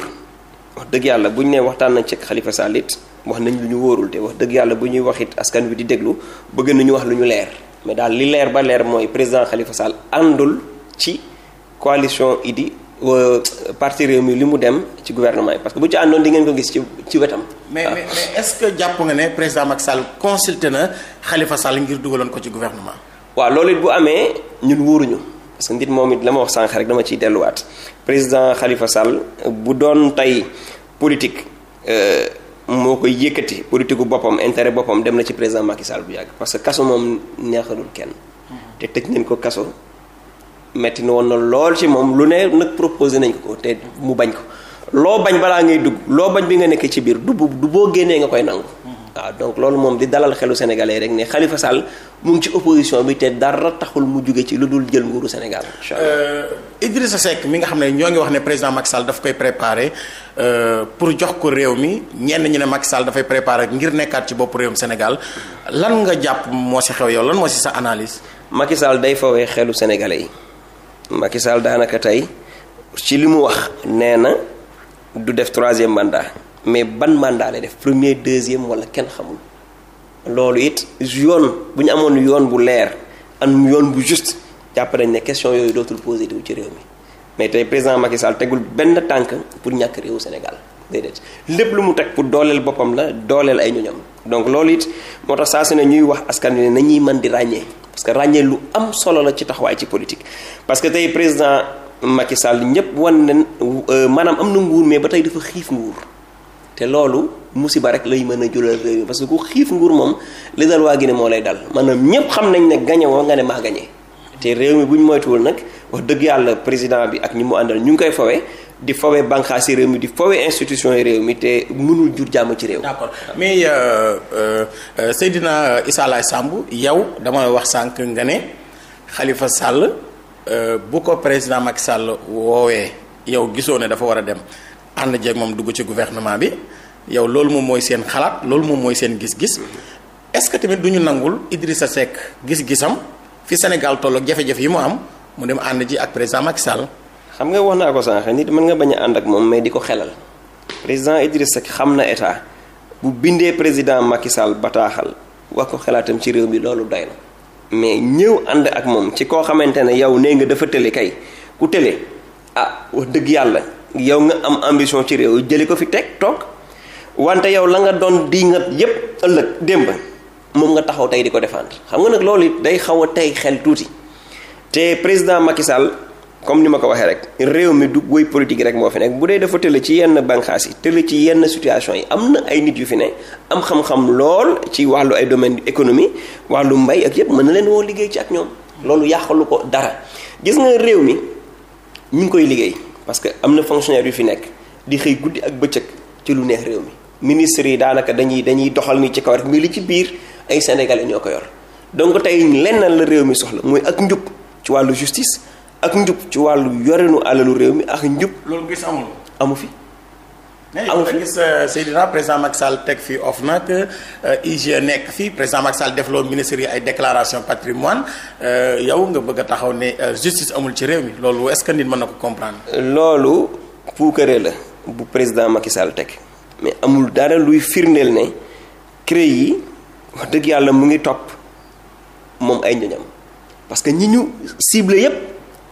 wax dëgg yàlla buñ nee waxtaan nañ ci Khalifa Sall it. wax nañ lu ñu wóorul te wax dëgg yàlla bu ñuy wax it askan wi di déglu bëgg nañu wax lu ñu leer mais daal li leer ba leer mooy président Khalifa Sall àndul ci coalition Idy euh, parti réew mi li mu dem ci gouvernement yi parce que bu ci àndoon di ngeen ko gis ci ci wetam. mais mais est que jàpp nga ne président Macky Sall consulté na xalifa Sall ngir dugaloon ko ci gouvernement. waa loolu it bu amee ñun wuuruñu parce que nit moom it la ma wax sànq rek dama ciy delluwaat président Khalifa Sall bu doon tey moo koy yëkkati politique gu boppam intérêt boppam dem na ci président Macky bu yàgg parce que kaso moom neexalul kenn. te tëj nañ ko kaso. metti na woon na lool ci moom lu ne nag proposé nañ ko te mu bañ ko loo bañ balaa ngay dugg loo bañ bi nga nekk ci biir du du boo génnee nga koy nangu. waaw ah, donc loolu moom di dalal xelu sénégalais rek ne Khalifa Sall mu ngi ci opposition bi te dara taxul mu jóge ci lu dul jël nguuru Sénégal incha allah. Euh, Idrissa Seck mi nga xam ne ñoo ngi wax ne président Macky Sall daf koy préparer euh, pour jox ko réew mi ñenn ñi ne Macky Sall dafay préparer ngir nekkaat ci bopp réewum Sénégal lan nga jàpp moo si xew yow lan moo si sa analyse. Macky Sall day fawee xelu sénégalais yi Macky Sall daanaka tey ci li mu wax nee na du def troisième mandat. mais ban mandat lay def premier deuxième wala kenn xamul loolu it yoon bu ñu amoon yoon bu leer am yoon bu juste jàpp nañ ne question yooyu dootul posé diw ci réew mi mais tey président Macky tegul benn tànk pour ñàkk réewu Sénégal déedéet lépp lu mu teg pour dooleel boppam la dooleel ay ñoñam donc loolu it moo tax saa su ne ñuy wax askan wi ne nañuy mën di ràññee parce que ràññee lu am solo la ci taxawaay ci politique parce que tey président Macky Sall ñëpp wan ne euh, maanaam am na nguur mais ba tey dafa xiif nguur te loolu musiba rek lay mën a jural réew mi parce que ku xiif nguur moom li dal waa Guinée moo lay dal maanaam ñëpp xam nañ ne gañe woo nga ne maa gañe te réew mi bu ñu moytuwul nag wax dëgg yàlla président bi ak ñi mu àndal ñu ngi koy fawee di fawee bànqaas yi réew mi di fawee institution yi réew mi te mënul jur jàmm ci réew. d'accord mais euh, euh, euh, Seydina Issa Laye Samb yow dama wax sànq nga ne Khalifa Sall bu ko président Macky Sall woowee yow gisoo ne dafa war a dem. ànd jeeg moom dugg ci gouvernement bi yow loolu moom mooy seen xalaat loolu moom mooy seen gis-gis est-ce que tamit du ñu nangul Idrissa Seck gis-gisam fi Sénégal toll ak jafe-jafe yi mu am mu dem ànd ji ak président Macky Sall. xam nga wax naa ko sànq nit mën nga bañ a ànd ak moom mais di ko xelal président Idrissa Seck xam na état bu bindee président Macky Sall bataaxal wax ko xalaatam ci réew bi loolu doy na mais ñëw ànd ak moom ci koo xamante ne yow nee nga dafa tële kay ku tële ah wax dëgg yàlla. yow nga am ambition ci réew jële ko fi teg toog wante yow la nga doon di nga yépp ëllëg démb moom nga taxaw tey di ko défendre xam nga nag loolu it day xaw a tey xel tuuti te président Macky Sall comme ni ma ko waxee rek réew mi du woy politique rek moo fi nekk bu dee dafa tële ci yenn banqaas yi tële ci yenn situation yi am na ay nit yu fi ne am xam-xam lool ci wàllu ay domaine économie wàllu mbay ak yépp mën na leen woo liggéey ci ak ñoom loolu yàqalu ko dara gis réew mi ñu ngi koy liggéey parce que am na fonctionnaire yu fi nekk di xëy guddi ak bëccëg ci lu neex réew mi ministres yi daanaka dañuy dañuy doxal ni ci kaw rek mais li ci biir ay sénégalais ñoo ko yor donc tey lenn la réew mi soxla mooy ak njub ci wàllu justice ak njub ci wàllu yorenu alalu réew mi ak njub. loolu gis amul amu fi. amu fi gis euh, Seydina président Macky Sall teg fii OFNAC euh, IGE nekk fii président Macky Sall def loo ministère yi ay déclaration patrimoine euh, yow nga bëgg a taxaw ne justice amul ci réew mi loolu est-ce que nit mën na ko comprendre. loolu puukare la bu président Macky Sall mais amul dara luy firndeel ne CREI yi wax dëgg yàlla mu ngi topp moom ay ñoñam parce que ñi ñu ciblé yépp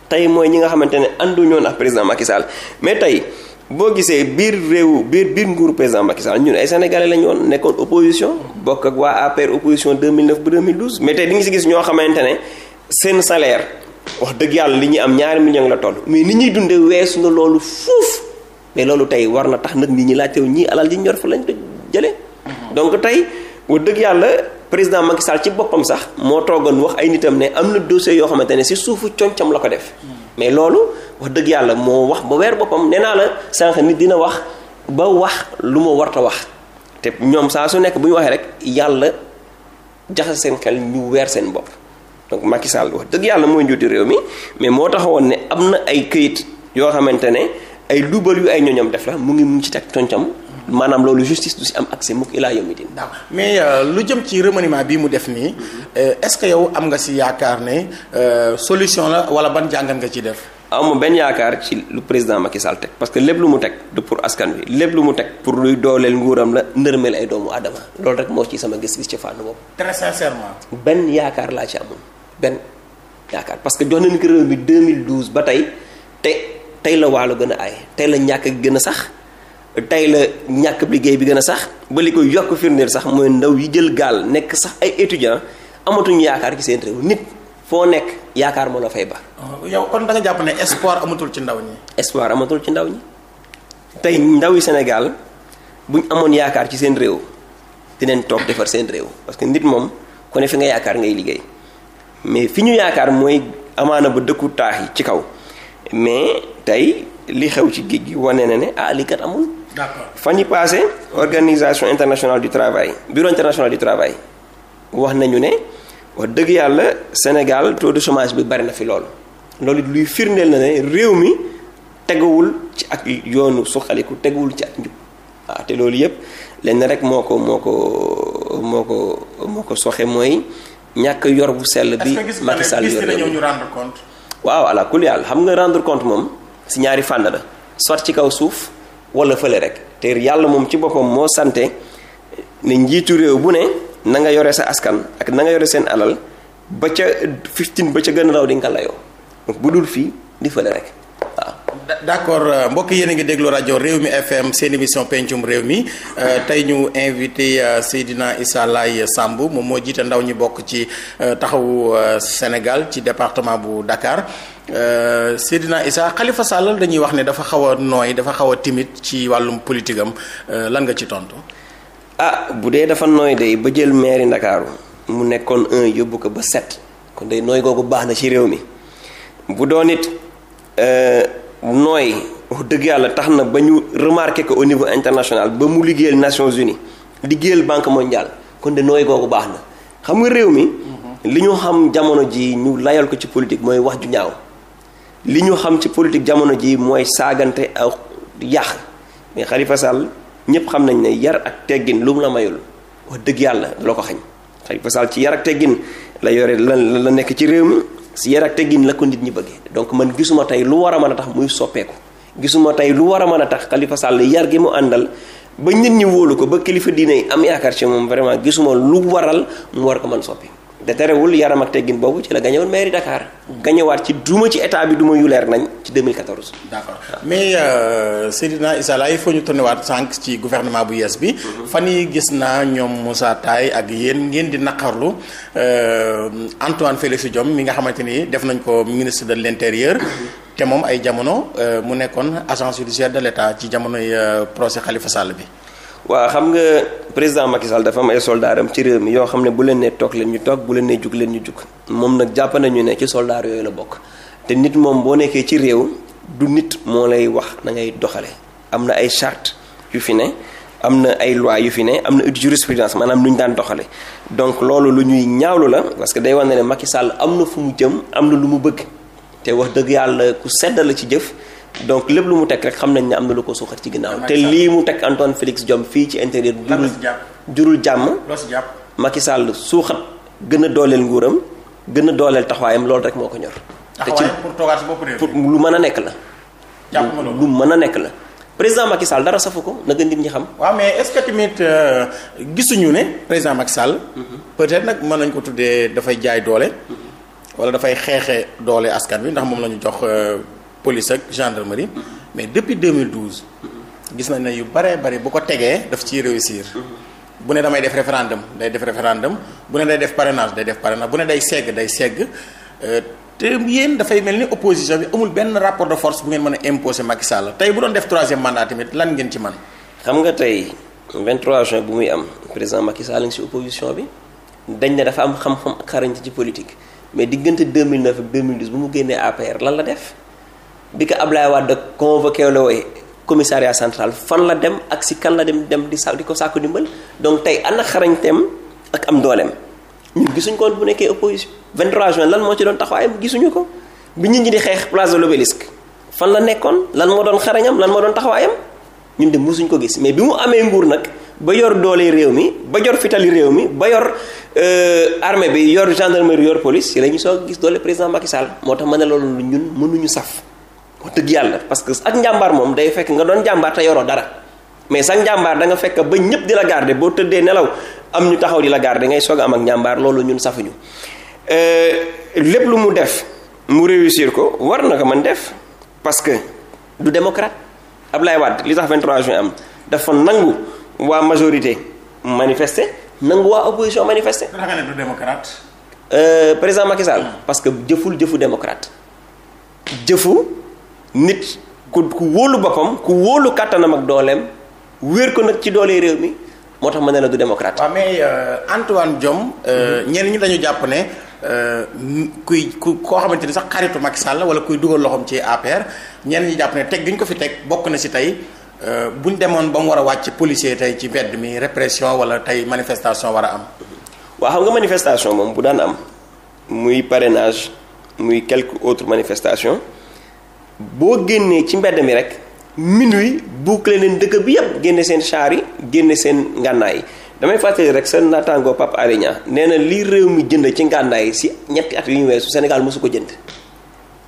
tey mooy ñi nga xamante ne ànduñoon ak président Macky Sall mais tey. boo gisee biir réew biir biir nguur président Macky Sall ñun ay sénégalais la ñu woon nekkoon opposition bokk ak waa APR opposition 2009 ba 2012 mais tey di si gis ñoo xamante ne seen salaire wax dëgg yàlla li ñu am ñaari millions la toll mais ni ñuy dundee weesu na loolu fuuf mais loolu tey war na tax nag nit ñi laajte ñii alal ji ñor fa lañ ko jëlee. donc tey wax dëgg yàlla président Macky Sall ci boppam sax moo toogoon wax ay nitam ne am na dossier yoo xamante ne si suufu concam la ko def wax dëgg yàlla moo wax ba weer boppam nee naa la sànq nit dina wax ba wax lu ma warta wax te ñoom saa su nekk bu ñu waxee rek yàlla jaxas seen xel ñu weer seen bopp donc Macky Sall wax dëgg yàlla mooy njiitu réew mi mais moo taxawoon ne am na ay kayit yoo xamante ne ay luubal yu ay ñoñam def la mu ngi mu ngi ci teg toncam maanaam loolu justice du si am accès mukk ilaa yomi din waaw mais euh, lu jëm ci remaniement bii mu def nii mm-hmm. euh, est-ce que yow am nga si yaakaar ne euh, solution la wala ban jàngat nga ci def awma benn yaakaar ci lu président Macky Sall teg parce que lépp lu mu teg pour askan bi lépp lu mu teg pour luy dooleel nguuram la nërmeel ay doomu aadama loolu rek moo ci sama gis-gis ci fànn boobu. très sincèrement. benn yaakaar laa ci amoon benn yaakaar parce que jox nañu ko réew mi 2012 ba tey te tey la waalo gën a ay tey la ñàkk gi gën a sax tey la ñàkk liggéey bi gën a sax ba li ko yokk firndeel sax mooy ndaw yi jël gaal nekk sax ay étudiants amatuñu yaakaar ci seen réew nit. foo nekk yaakaar moo la fay ba. Oh, yow kon da jàpp ne espoir amatul ci ndaw ñi. espoir amatul ci ndaw ñi tey ndaw yi Sénégal buñ amoon yaakaar ci seen réew dinañ toog defar seen réew parce que nit moom ku ne fi nga yaakaar ngay liggéey mais fi ñu yaakaar mooy amaana ba dëkku taax yi ci kaw mais tey li xew ci géej gi wane na ne ah li kat amul. d'accord fan yi passé organisation internationale du travail bureau international du travail wax nañu ne. wax dëgg yàlla Sénégal taux de chômage bi bari na fi loolu loolu luy firndeel na ne réew mi teguwul ci ak yoonu suqaliku teguwul ci ak njub waaw te loolu yëpp lenn rek moo ko moo ko moo ko moo ko soxe mooy ñàkk yor bu sell bi Macky Sall yor ñu rendre compte waaw ala kul yàlla xam nga rendre compte moom si ñaari fànn la soit ci kaw suuf wala fële rek te yàlla moom ci boppam moo sante ne njiitu réew bu ne na nga yore sa askan ak na nga yore seen alal ba ca 15 ba ca gën raw di nga layoo bu dul fii di fële rek waaw. d'accord euh, mbokk yéen a ngi déglu rajo réew mi FM seen émission pencum réew mi euh, tey ñu invité euh, Seydina Issa Laye Samb moom moo jiite ndaw ñi bokk ci taxawu Sénégal ci département bu Dakar. Uh, Seydina Issa xalifa Sall dañuy wax ne dafa xaw a nooy dafa xaw a timide ci wàllum politique am lan nga ci tontu. ah bu dee dafa nooy day ba jël mairie ndakaaru mu nekkoon un yóbbu ko ba set kon day nooy googu baax na ci réew mi bu doon it euh, nooy wax dëgg yàlla tax na ba ñu remarqué ko au niveau international ba mu liggéeyal Nations uni liggéeyal Banque mondiale kon de nooy googu baax na xam nga réew mi mhm. li ñu xam jamono ji ñu layal ko ci politique mooy wax ju ñaaw li ñu xam ci politique jamono ji mooy saagante ak yàq mais Khalifa Sall ñëpp xam nañ ne yar ak teggin lu mu la mayul wax dëgg yàlla loo ko xañ Xalifa Sall ci yar ak teggin la yore la la nekk ci réew mi si yar ak teggin la ko nit ñi bëggee donc man gisuma tey lu war a mën a tax muy soppeeku gisuma tey lu war a mën a tax Xalifa Sall yar gi mu àndal ba nit ñi wóolu ko ba kilifa diine yi am yaakaar ci moom vraiment gisuma lu waral mu war ko mën soppi te terewul yaram ak teggin boobu ci la gañe woon mairie Dakar. gañewaat ci duma ci état bi duma yu leer nañ ci 2014. d'accord mais euh, Seydina Issa Laye il faut ñu tourné sànq ci gouvernement bu yees bi. fan yi gis naa ñoom Moussa Taye ak yéen ngeen di naqarlu euh, Antoine Félix Diome mi nga xamante ni def nañ ko ministre de l'intérieur. te moom ay jamono euh, mu nekkoon agence judiciaire de l'État ci jamonoy procès xalifa Sall bi. waaw xam nga président Macky dafa may ay soldaaram ci réew mi yoo xam ne bu leen nee toog leen ñu toog bu leen nee jug leen ñu jug moom nag jàpp ñu ne ci soldaar yooyu la bokk te nit moom boo nekkee ci réew du nit moo lay wax na ngay doxale am na ay charte yu fi ne am na ay loi yu fi ne am na jurisprudence maanaam lu ñu daan doxale donc loolu lu ñuy ñaawlu la parce que day wane ne Macky Sall am na fu mu jëm am na lu mu bëgg te wax dëgg yàlla ku sedd la ci jëf donc lépp lu mu teg rek xam nañ ne am na lu ko suuxat ci ginnaaw te lii mu teg Antoine Félix Diome fii ci intérieur jurul jurul jàmm Macky Sall suuxat gën a dooleel nguuram gën a dooleel taxawaayam loolu rek moo ko ñor te ci pour lu mën a nekk la lu mën a nekk la président Macky Sall dara safu ko naka nit ñi xam. waaw mais est-ce que tamit euh, gisuñu ne président Macky Sall. peut-être nag mën nañ ko tuddee dafay jaay doole. Mm-hmm. wala dafay xeexee doole askan bi ndax moom la ñu jox euh, police ak gendarmerie mais depuis 2012 gis na ne yu baree bari bu ko tegee daf ci réussir bu ne damay def référendum day def référendum bu ne day def parrainage day def parrainage bu ne day segg day segg euh, te yéen dafay mel ni opposition bi amul benn rapport de force bu ngeen mën a imposer Macky tey bu doon def troisième mandat tamit lan ngeen ci man xam nga tey 23 juin bu muy am président Macky Sall ngi si opposition bi dañ ne dafa am xam-xam ak ci politique mais diggante 2009 ak 2012 bu mu génnee APR lan la def. bi ko Ablaye Wade convoqué la wooye commissariat centrale fan la dem ak si kan la dem dem di sa di ko sàkku dimbal donc tey ana xarañteem ak am dooleem ñun gisuñ ko bu nekkee opposition 23 juin lan moo ci doon taxawaayam gisuñu ko bi ñu ñi di xeex place de l'obélisque fan la nekkoon lan moo doon xarañam lan moo doon taxawaayam ñun de mosuñ ko gis mais bi mu amee nguur nag ba yor doole réew mi ba yor fitali réew mi ba yor euh, armée bi yor gendarmerie yor police yi la ñu soog gis doole président Macky Sall moo tax ma ne loolu ñun mënuñu saf wax dëgg yàlla parce que ak njàmbaar moom day fekk nga doon njàmbaar te yoroo dara mais sa njàmbaar da fekk ba ñëpp di la garder boo tëddee nelaw am ñu taxaw di la garder ngay soog am ak njàmbaar loolu ñun safuñu euh, lépp lu mu def mu réussir ko war na ko man def parce que du démocrate Ablaye Wade li tax 23 juin am dafa nangu waa majorité manifester nangu waa opposition manifester. nga ne du démocrate. Euh, président Macky Sall parce que jëful jëfu démocrate jëfu. nit ku ku wóolu boppam ku wóolu kàttanam ak dooleem wéer ko nag ci doole réew mi moo tax ma ne du démocrate. waaw mais euh, Antoine Diome. Euh, mm-hmm. ñenn ñi dañu jàpp ne euh, kuy ku koo xamante ni sax xaritu Macky sàll wala kuy dugal loxoom ci APR ñenn ñi jàpp ne teg gi ñu ko fi teg bokk na si tey. Uh, bu ñu demoon ba mu war a wàcc policier tey ci mbedd mi répression wala tey manifestation war a am. Mm-hmm. waa xam nga manifestation moom bu daan am muy parrainage muy quelque autres manifestations boo génnee ci mbedd mi rek minuit boucler leen dëkk bi yépp génne seen char génne seen ngànnaay yi damay fàttali rek seen naataango Pape Alé Niang nee na li réew mi jënd ci ngànnaay si ñetti at yu ñu weesu Sénégal mosu ko jënd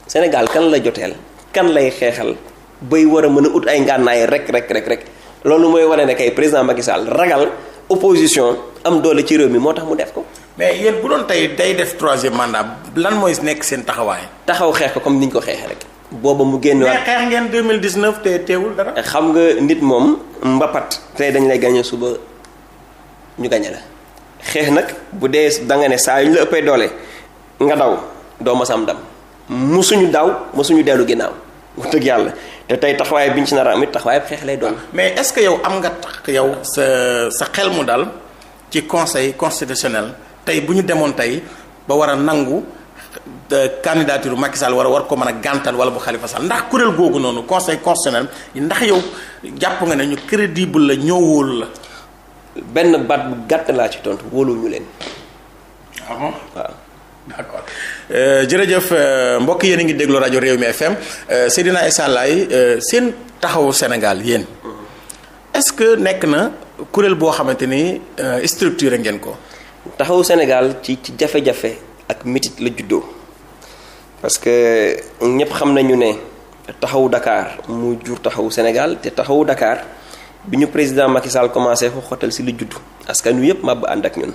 Sénégal kan la joteel kan lay xeexal bay war a mën a ut ay ngànnaay rek rek rek rek loolu mooy wane ne kay président Macky Sall ragal opposition am doole ci réew mi moo tax mu def ko. mais yéen bu doon tey day def troisième mandat lan mooy nekk seen taxawaay. taxaw xeex comme ni ko xeexee booba mu génn waat xeex ngeen 2019 te teewul dara. Eh, xam nga nit moom mbapat tey dañ lay gañe suba ñu gañe la xeex nag bu dee da nga ne saa yu ñu la ëppee doole nga daw doo ma sam dam suñu daw musuñu dellu ginnaaw wax dëgg yàlla te tey taxawaay bi ñu si nar a am it taxawaay xeex lay doon. mais est-ce que yow am nga tax yow sa sa xel mu dal ci conseil constitutionnel tey bu ñu demoon tey ba war a nangu. candidature Macky Sall war a war ko mën a gàntal wala bu Khalifa Sall ndax kuréel googu noonu conseil constitutionnel ndax yow jàpp nga ne ñu crédible la ñoo wóolu la. benn baat bu gàtt laa ci tontu wóoluñu leen. ah bon waaw. Euh, euh, mbokk yéen a ngi déglu rajo Réew mi FM euh, Seydina Issa Laye seen taxawu Sénégal yéen ce que nekk na kuréel boo xamante ni structuré ngeen ko. taxawu Sénégal ci ci jafe-jafe. ak métit la juddoo parce que ñëpp xam nañu ne taxawu dakaar mu jur taxawu Sénégal te taxawu dakaar bi ñu président Macky Sall commencé ko xotal si lu judd askan wi yëpp màbb ànd ak ñun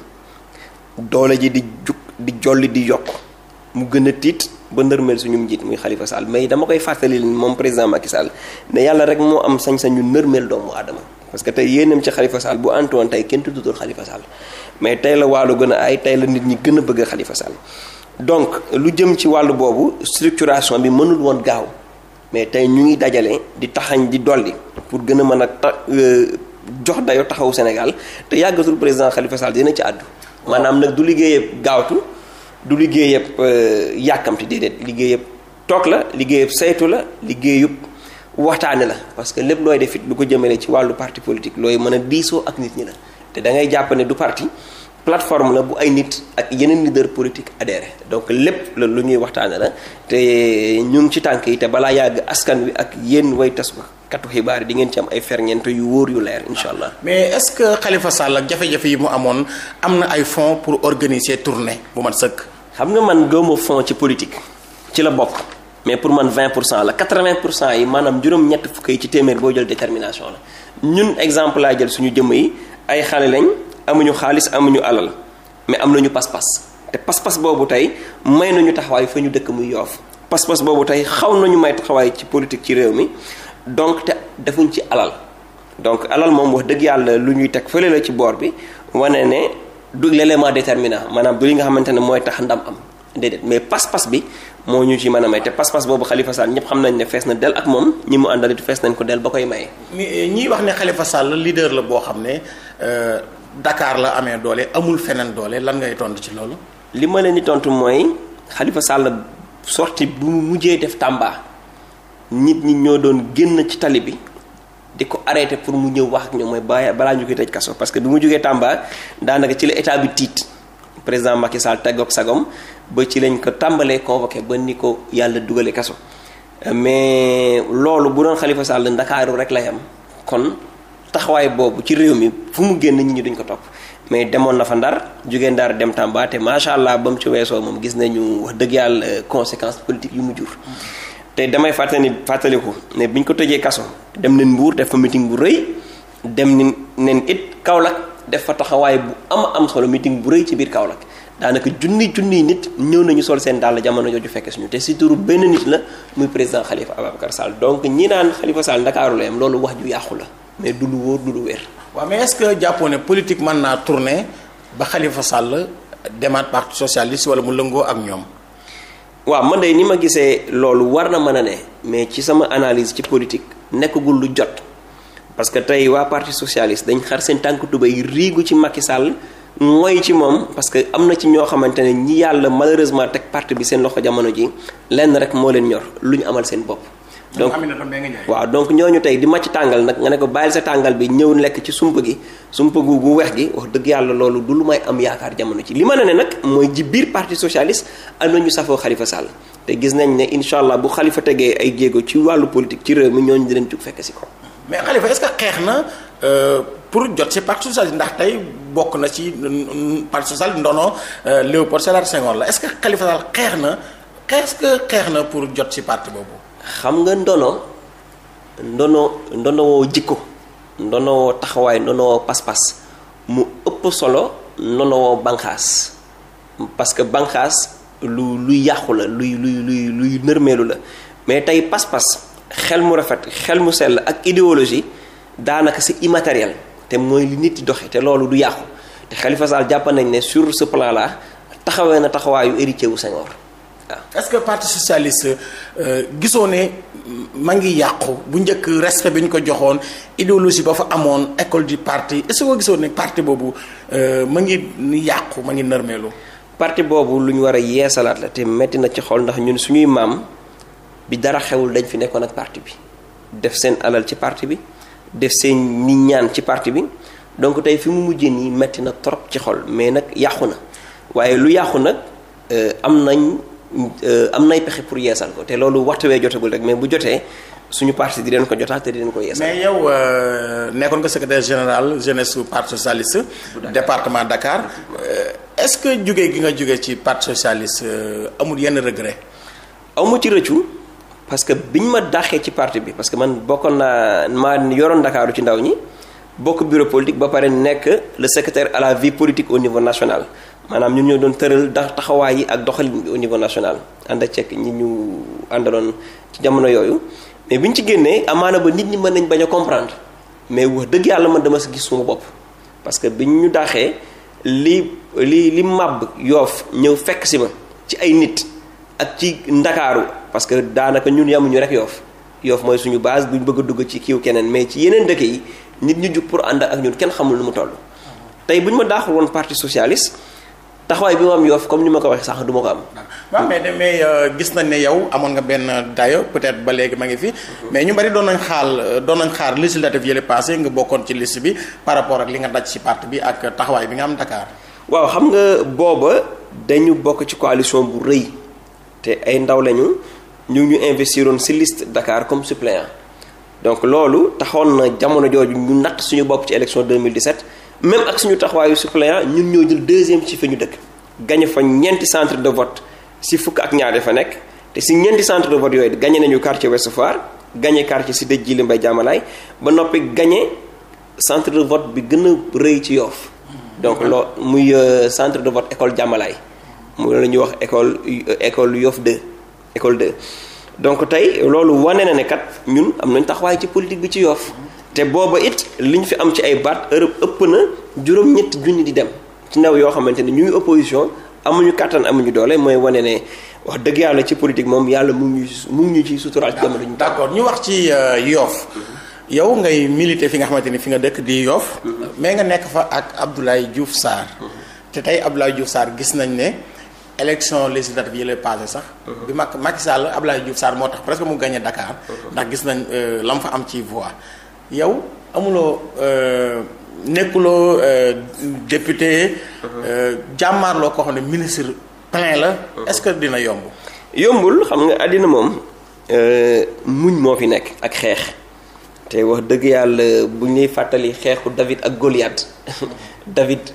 doole ji di jug di jolli di yokk mu gën a tiit ba nërmeel suñu njiit muy Khalifa Sall mais dama koy fàttali leen moom président Macky Sall ne yàlla rek moo am sañ-sañu nërmeel doomu aadama parce que tey yéenam ci xalifa Sall bu antuwoon tey kenn tuddutul Khalifa Sall mais tey la waalo gën a ay tey la nit ñi gën a bëgg Khalifa Sall donc lu jëm ci wàllu boobu structuration bi mënul woon gaaw mais tey ñu ngi dajale di taxañ di dolli pour gën a mën a ta euh, jox dayo taxawu Sénégal te yàggatul président Khalifa Sall dina ci àddu manaam nag du liggéey yëpp gaawtu du liggéey yëpp euh, yàkkamti déedéet liggéey yëpp toog la liggéey yëpp saytu la liggéey yëpp waxtaane la parce que lépp looy def it lu ko jëmale ci wàllu parti politique looy mën a diisoo ak nit ñi la te da ngay jàpp ne du parti plateforme la bu ay nit ak yeneen leader politique adhéré donc lépp la lu ñuy waxtaane la te ñu ngi ci tànk yi te balaa yàgg askan wi ak yéen way tas ba katu xibaar yi di ngeen ci am ay fer ferñeent yu wóor yu leer incha allah. mais est-ce que Khalifa Sall ak jafe-jafe yi mu amoon am na ay fonds pour organiser tournée bu man sëkk. xam nga man doomu fonds ci politique ci la bokk mais pour man 20 pour cent la 80 pour cent yi maanaam juróom-ñett fukk yi ci téeméer boo jël détermination la ñun exemple laa jël suñu jëmm yi. ay xale lañ amuñu xaalis amuñu alal mais am nañu pas-pas te pas-pas boobu tey may nañu taxawaay fa ñu dëkk muy yoof pas-pas boobu tey xaw nañu may taxawaay ci politique ci réew mi donc te defuñ ci alal donc alal moom wax dëgg yàlla lu ñuy teg fële la ci boor bi wane ne du l'élément déterminant maanaam du li nga xamante ne mooy tax ndam am déedéet mais pas-pas bi moo ñu ci mën a may te pas-pas boobu Khalifa Sall ñëpp xam nañ ne fees na del ak moom ñi mu àndalit fees nañ ko del ba koy maye. Euh, ñiy wax ne Khalifa Sall leader la boo xam ne euh, dakaar la amee doole amul feneen doole lan ngay tontu ci loolu. li ma leen di tontu mooy Khalifa Sall sorti bu mu mujjee def Tamba nit ñi ñoo doon génn ci tali bi. di ko arrêté pour mu ñëw wax ak ñoom mooy bàyyi balaa ñu koy tëj kaso parce que bi mu jógee Tamba daanaka ci la état bi tiit président Macky Sall teg sagom ba ci lañ ko tàmbalee convoqué ba ni ko yàlla dugale kaso mais loolu bu doon Khalifa Sall ndakaaru rek lay am kon taxawaay boobu ci réew mi fu mu génn nit ñi duñ ko topp mais demoon na fa ndar jógee ndar dem Tamba te macha allah ba mu ci weesoo moom gis nañu wax dëgg yàlla conséquences politiques yu mu jur. te damay fàttali fàttaliku ne biñ ko tëjee kaso dem nañ Mbuur def fa meeting bu rëy dem nañ it Kaolack def fa taxawaay bu am am solo meeting bu rëy ci biir Kaolack. daanaka junni junni nit ñëw nañu sol seen dàll jamono jooju fekke suñu te si turu benn nit la muy président Khalifa Ababacar Sall donc ñi naan Khalifa Sall ndakaaru la loolu wax ju yàqu la mais du lu wóor du lu wér. waaw mais est-ce que jàppoo ne politique mën naa tourner ba xalifa Sall demaat parti socialiste wala mu lëngoo ak ñoom. waaw man de ni ma gisee loolu war na mën a ne mais ci sama analyse ci politique nekkagul lu jot parce que tey waa parti socialiste dañ xar seen tànk tubéy riigu ci Macky Sall. mooy ci moom parce que am na ci ñoo xamante ne ñi yàlla malheureusement teg parti bi seen loxo jamono ji lenn rek moo leen ñor lu ñu amal seen bopp. donc waaw donc ñoo ñu tey di màcc tàngal nag nga ne ko bàyyil sa tàngal bi ñëw lekk ci sumpa gi sumpa gu gu weex gi wax dëgg yàlla loolu du lu may am yaakaar jamono ci li ma a ne nag mooy ji biir parti socialiste am na ñu safoo Khalifa Sall te gis nañ ne incha allah bu xalifa tegee ay jéego ci wàllu politique ci réew mi ñooñu dinañ jug fekk si ko. Euh, pour jot ci parti socialiste ndax tey bokk na ci parti socialiste ndono euh, Léopold Sédar Senghor la est-ce que Khalifa xeex na est-ce que xeex na pour jot ci boobu. xam nga ndono ndono ndonowoo jikko ndonowoo taxawaay ndonowoo pas-pas mu ëpp solo banqaas parce que banqaas lu luy yàqu luy luy luy luy nërmeelu la mais tey pas-pas xel mu rafet xel mu sell ak idéologie daanaka si immatériel te mooy li nit di doxe te loolu du yàqu te Khalifa Sall jàpp nañ ne sur ce plan là taxawee na taxawaayu héritier wu Senghor waaw. est-ce que parti socialiste euh, gisoo ne ma ngi yàqu bu njëkk respect bi ñu ko joxoon idéologie ba fa amoon école du parti est-ce que gisoo ne parti boobu euh, ma ngi yàqu ma ngi nërmeelu. parti boobu lu ñu war a yeesalaat la te metti na ci xool ndax ñun suñuy maam bi dara xewul dañ fi nekkoon ak partie bi def seen alal ci parti bi. def seen ni ñaan ci parti bi donc tey fi mu mujjee nii metti na trop ci xol mais nag yàqu na waaye lu yàqu nag euh, am nañ euh, am nay pexe pour yeesal ko te loolu waxtu wee jotagul rek mais bu jotee suñu parti di leen ko jotaat te di leen ko yeesal. mais yow euh, nekkoon nga secrétaire général jeunesse su parti socialiste. département Dakar est-ce que jóge gi nga jóge ci parti socialiste amul yenn regret. awma ci rëccu. parce que ñu ma daxee ci parti bi parce que man bokkoon naa maa yoroon Ndakaaru ci ndaw ñi bokk bureau politique ba pare nekk le secretaire à la vie politique au niveau national maanaam ñun ñoo doon tëral ndax taxawaay yi ak doxalin bi au niveau national ànd ceeg ñi ñu àndaloon ci jamono yooyu mais bi ñu ci génnee amaana ba nit ñi mën nañ bañ a comprendre mais wax dëgg yàlla man dama si gis suma bopp parce que biñ ñu daxee li li li màbb yoof ñëw fekk si ma ci ay nit ak ci Ndakaaru parce que daanaka ñun yamuñu rek yoof yoof mooy suñu base duñ bëgg dugg ci kiiw keneen mais ci yeneen dëkk yi nit ñu jug pour ànd ak ñun kenn xamul lu mu toll. tey bu ñu ma daaxul woon parti socialist taxawaay bi ma am comme ni ma ko waxee sax du ma ko am. waaw mais mais euh, gis nañ ne yow amoon nga benn dayo peut-être ba léegi ma ngi fi. mais ñu bari doon nañ xaal euh, doon nañ xaar législative yële passé nga bokkoon ci liste bi par rapport ak li nga daj ci parti bi ak taxawaay bi nga am Dakar. waaw xam nga booba dañu bokk ci coalition bu rëy te ay ndaw lañu. ñu ngi ñu investiroon ci liste Dakar comme suppléant donc loolu taxoon na jamono jooju ñu natt suñu bopp ci deux élection 2017 même ak suñu taxawaayu suppléant ñun ñoo jël deuxième ci fi ñu dëkk. gañe fa ñeenti centre de vote ci fukk ak ñaar dafa nekk te ci ñeenti centre de vote yooyu gañe nañu quartier Ouest Foire gañe quartier Cité Djily Mbaye Diamalaye ba noppi gañe centre de vote bi gën a rëy ci yoof donc loo muy euh, centre de vote école Diamalaye mu la ñuy wax école euh, école Yoff 2 école 2 donc tey loolu wane na ne kat ñun am nañ taxawaay ci politique bi ci yoof te booba it li ñu fi am ci ay baat Europe ëpp na juróom-ñetti junni di dem ci ndaw yoo xamante ne ñu ngi opposition amuñu amuñu doole mooy wane ne wax dëgg yàlla ci politique moom yàlla mu mu ñu ci suturaal ci jamono ñu d'accord ñu wax ci euh, yoof yow ngay milité fi nga xamante ni fi nga dëkk di yoof mm-hmm. mais nga nekk fa ak Abdoulaye Diouf Sarr mm-hmm. te tey Abdoulaye Diouf saar gis nañ ne élection législative yi lay passé sax. Uh-huh. bi Macky Macky Sall Abdoulaye Diouf Sarr moo tax presque mu gagné Dakar. Uh-huh. ndax gis nañ euh, la mu fa am ci voix. yow amuloo euh, nekkuloo euh, député. Uh-huh. jàmmaarloo koo xam ne ministre plein la. est-ce que dina yomb. yombul xam nga àddina moom muñ moo fi nekk ak xeex. te wax dëgg yàlla bu ñuy fàttali xeexu David ak Goliath [LAUGHS] David.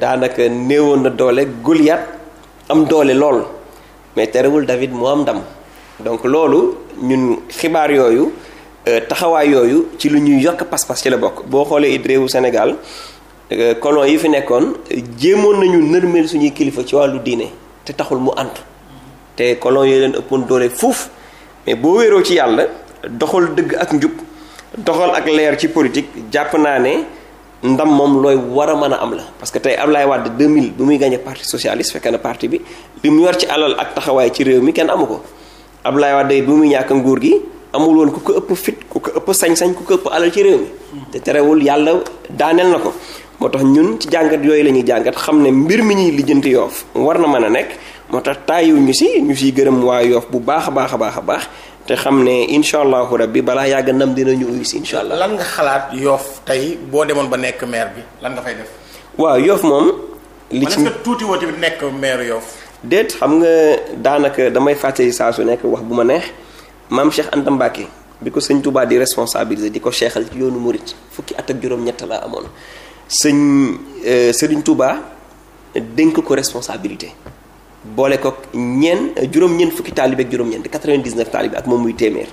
daanaka néewoon na doole Goliath am doole lool mais terewul David mu am ndam donc loolu ñun xibaar yooyu euh, taxawaay yooyu ci lu ñuy yokk pas-pas ci la bokk boo xoolee it réewu Sénégal kolon euh, yi fi nekkoon jéemoon nañu nërmeel suñuy kilifa ci wàllu diine te taxul mu antu te colon yooyu leen ëppoon doole fuuf mais boo wéeroo ci yàlla doxal dëgg ak njub doxal ak leer ci politique jàpp naa ne ndam moom looy war a mën a am la parce que tey Ablaye Wade 2000 bi muy gagné parti socialiste fekkee na parti bi li mu yor ci alal ak taxawaay ci réew mi kenn amu ko ab laay Ablaye Wade bi muy ñàkk nguur gi amul ku ko ëpp fit ku ko ëpp sañ-sañ ku ko ëpp alal ci réew mi. te terewul yàlla daaneel na ko. moo tax ñun ci jàngat yooyu la ñuy jàngat xam ne mbir mi ñuy lijjanti yoof war na mën a nekk moo tax taayu ñu si ñu siy gërëm waa yoof bu baax a baax a baax a baax te xam ne incha allahu rabbi balaa yàgg ndam dinañu ñu si incha allah. lan nga xalaat yoof tey boo demoon ba nekk maire bi lan nga fay def. waaw yoof moom. li ci tuuti woo tamit nekk maire yoof. déet xam nga daanaka damay fàtte saa su nekk wax bu ma neex maam Cheikh Anta Mbacke bi ko sëñ tubaa di responsabiliser di ko cheexal ci yoonu Mouride fukki at ak juróom-ñett laa amoon sëñ euh, Serigne tubaa dénk ko responsabilité. boole ko ñeen juróom-ñeent fukki taalibe ak juróom-ñeent 99 taalibe ak moom muy téeméer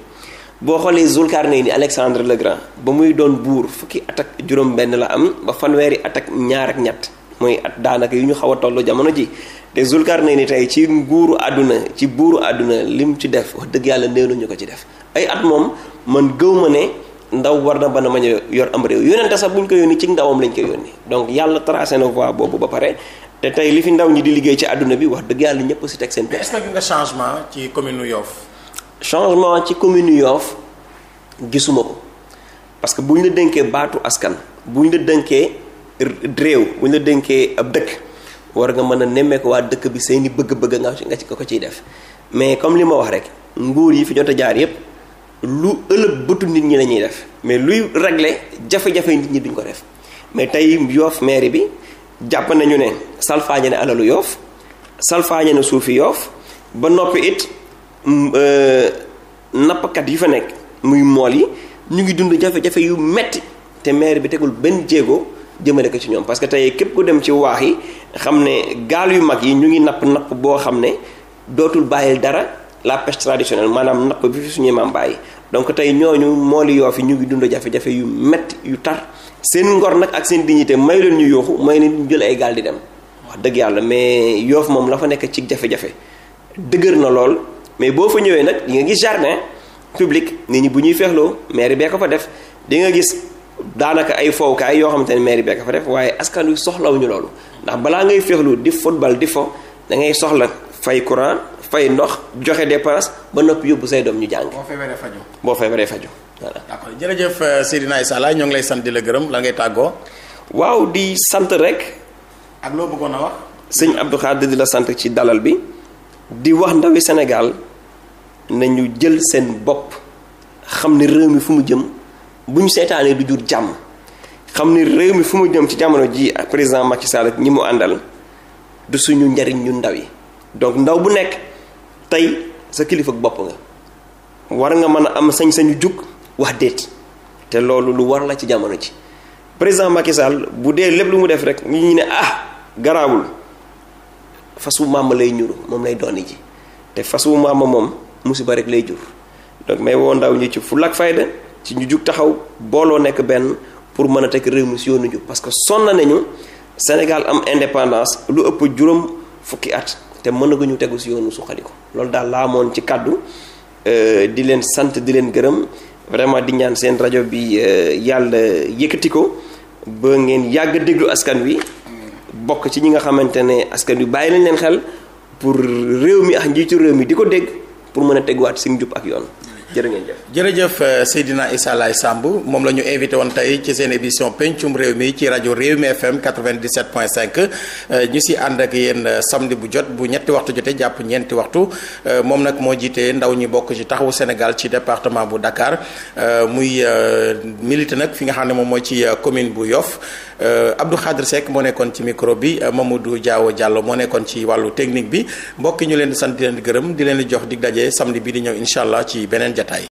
boo xoolee Zulkarnayni Alexandre le Grand ba muy doon buur fukki at ak juróom-benn la am ba fanweeri at ak ñaar ak ñett mooy at daanaka yu ñu xaw a tolloo jamono ji te ni tey ci nguuru àdduna ci buuru àdduna lim ci def wax dëgg yàlla néew nañu ko ci def ay at moom man gëw ma ne ndaw war na bana mañ a yor am réew yonente sax buñ ko yónni ci ndawam lañ ko yónni donc yàlla tracé na voie boobu ba pare te tey li fi ndaw ñi di liggéey ci àdduna bi wax dëgg yàlla ñëpp si teg seen. mais est-ce que nga changement ci commune nu Yoff. changement ci commune nu Yoff gisuma ko parce que bu ñu la dénkee baatu askan bu ñu la dénkee réew bu ñu la dénkee ab dëkk war nga mën a nemmeeku waa dëkk bi seeni bëgg-bëgg nga nga ci ko ciy def mais comme li ma wax rek nguur yi fi jot a jaar yépp lu ëllëg bëtu nit ñi la ñuy def mais luy ragle jafe-jafe nit ñi duñ ko def mais tey Yoff mairie bi. jàpp nañu ne salfaañe ne alalu yoof salfaañe ne suufi yoof ba noppi it mm, euh, nappkat yi fa nekk muy mool yi ñu ngi dund jafe-jafe yu metti te maire bi tegul benn jéego jëmale ko ci ñoom parce que tey képp ku dem ci waax yi xam ne gaal yu mag yi ñu ngi napp napp boo xam ne dootul bàyyil dara la pêche traditionnelle maanaam napp bi fi suñuy maam bàyyi donc tey ñooñu mooli yoo fi ñu ngi dund jafe-jafe yu metti yu tar seen ngor nag ak seen dignité may leen ñu yooxu may leen ñu jël ay gaal di dem wax dëgg yàlla mais yoof moom la fa nekk ci jafe-jafe dëgër na lool mais boo fa ñëwee nag di nga gis jardin publique nit ñi bu ñuy feexloo mairie bee ko fa def di nga gis daanaka ay fowukaay yoo xamante ne mairie bee ko fa def waaye askan wi soxlawuñu loolu ndax balaa ngay feexlu di football di fo da ngay soxla fay courant fay ndox joxe dépense ba noppi yóbbu say doom ñu jàng. boo feebaree fajo boo feebaree faju voilà d'accord jërëjëf euh, Seydina Issa Laye ñoo ngi lay sant di la gërëm la ngay tàggoo. waaw di sant rek. ak sëñ Abdou Khadre di la sant ci dalal bi. di wax ndawi Sénégal ñu jël seen bopp xam ne réew mi fu mu jëm bu ñu seetaanee du jur jàmm xam ni réew mi fu mu jëm ci jamono ji ak président Macky Sall ñi mu àndal du suñu njariñ ñu ndaw yi donc ndaw bu nekk tey sa kilifa bopp nga war nga mën a am sañ-sañu jukk wax déet te loolu lu war la ci jamono ci président Macky Sall bu dee lépp lu mu def rek ñu ne ah garaawul fasu maama lay ñuru moom lay doon ji te fasu maama moom musiba rek lay jur donc may woo ndaw ñi ci fulla ak fayda ci ñu jug taxaw booloo nekk benn pour mën a teg réew mi si yoonu jub parce que sonn nañu Sénégal am indépendance lu ëpp juróom fukki at te mënaguñu tegu si yoonu suqali ko loolu daal laa moon ci kàddu euh, di leen sant di leen gërëm vraiment di ñaan seen rajo bi euh, yàlla yëkkati ko ba ngeen yàgg déglu askan wi bokk ci ñi nga xamante ne askan wi bàyyi nañ leen xel pour réew mi ak njiitu réew mi di ko dégg pour mën a teguwaat si njub ak yoon. jërë jërëjëf euh, Seydina Issa Laye Samb moom la ñu invité woon tey ci seen émission pencum réew mi ci rajo réew mi FM 97.5 ñu si ànd ak yéen euh, samedi bu jot bu ñetti waxtu jotee jàpp ñeenti waxtu euh, moom nag moo jiite ndaw ñi bokk ci taxawu Sénégal ci département bu Dakar muy milite nag fi nga xam ne moom mooy ci commune bu Yoff Abdou Khadre Seck moo nekkoon ci micro bi moom du jaawo Diallo moo nekkoon ci wàllu technique bi mbokk ñu leen di leen di gërëm di leen di jox dig daje samedi di ñëw incha allah ci jataay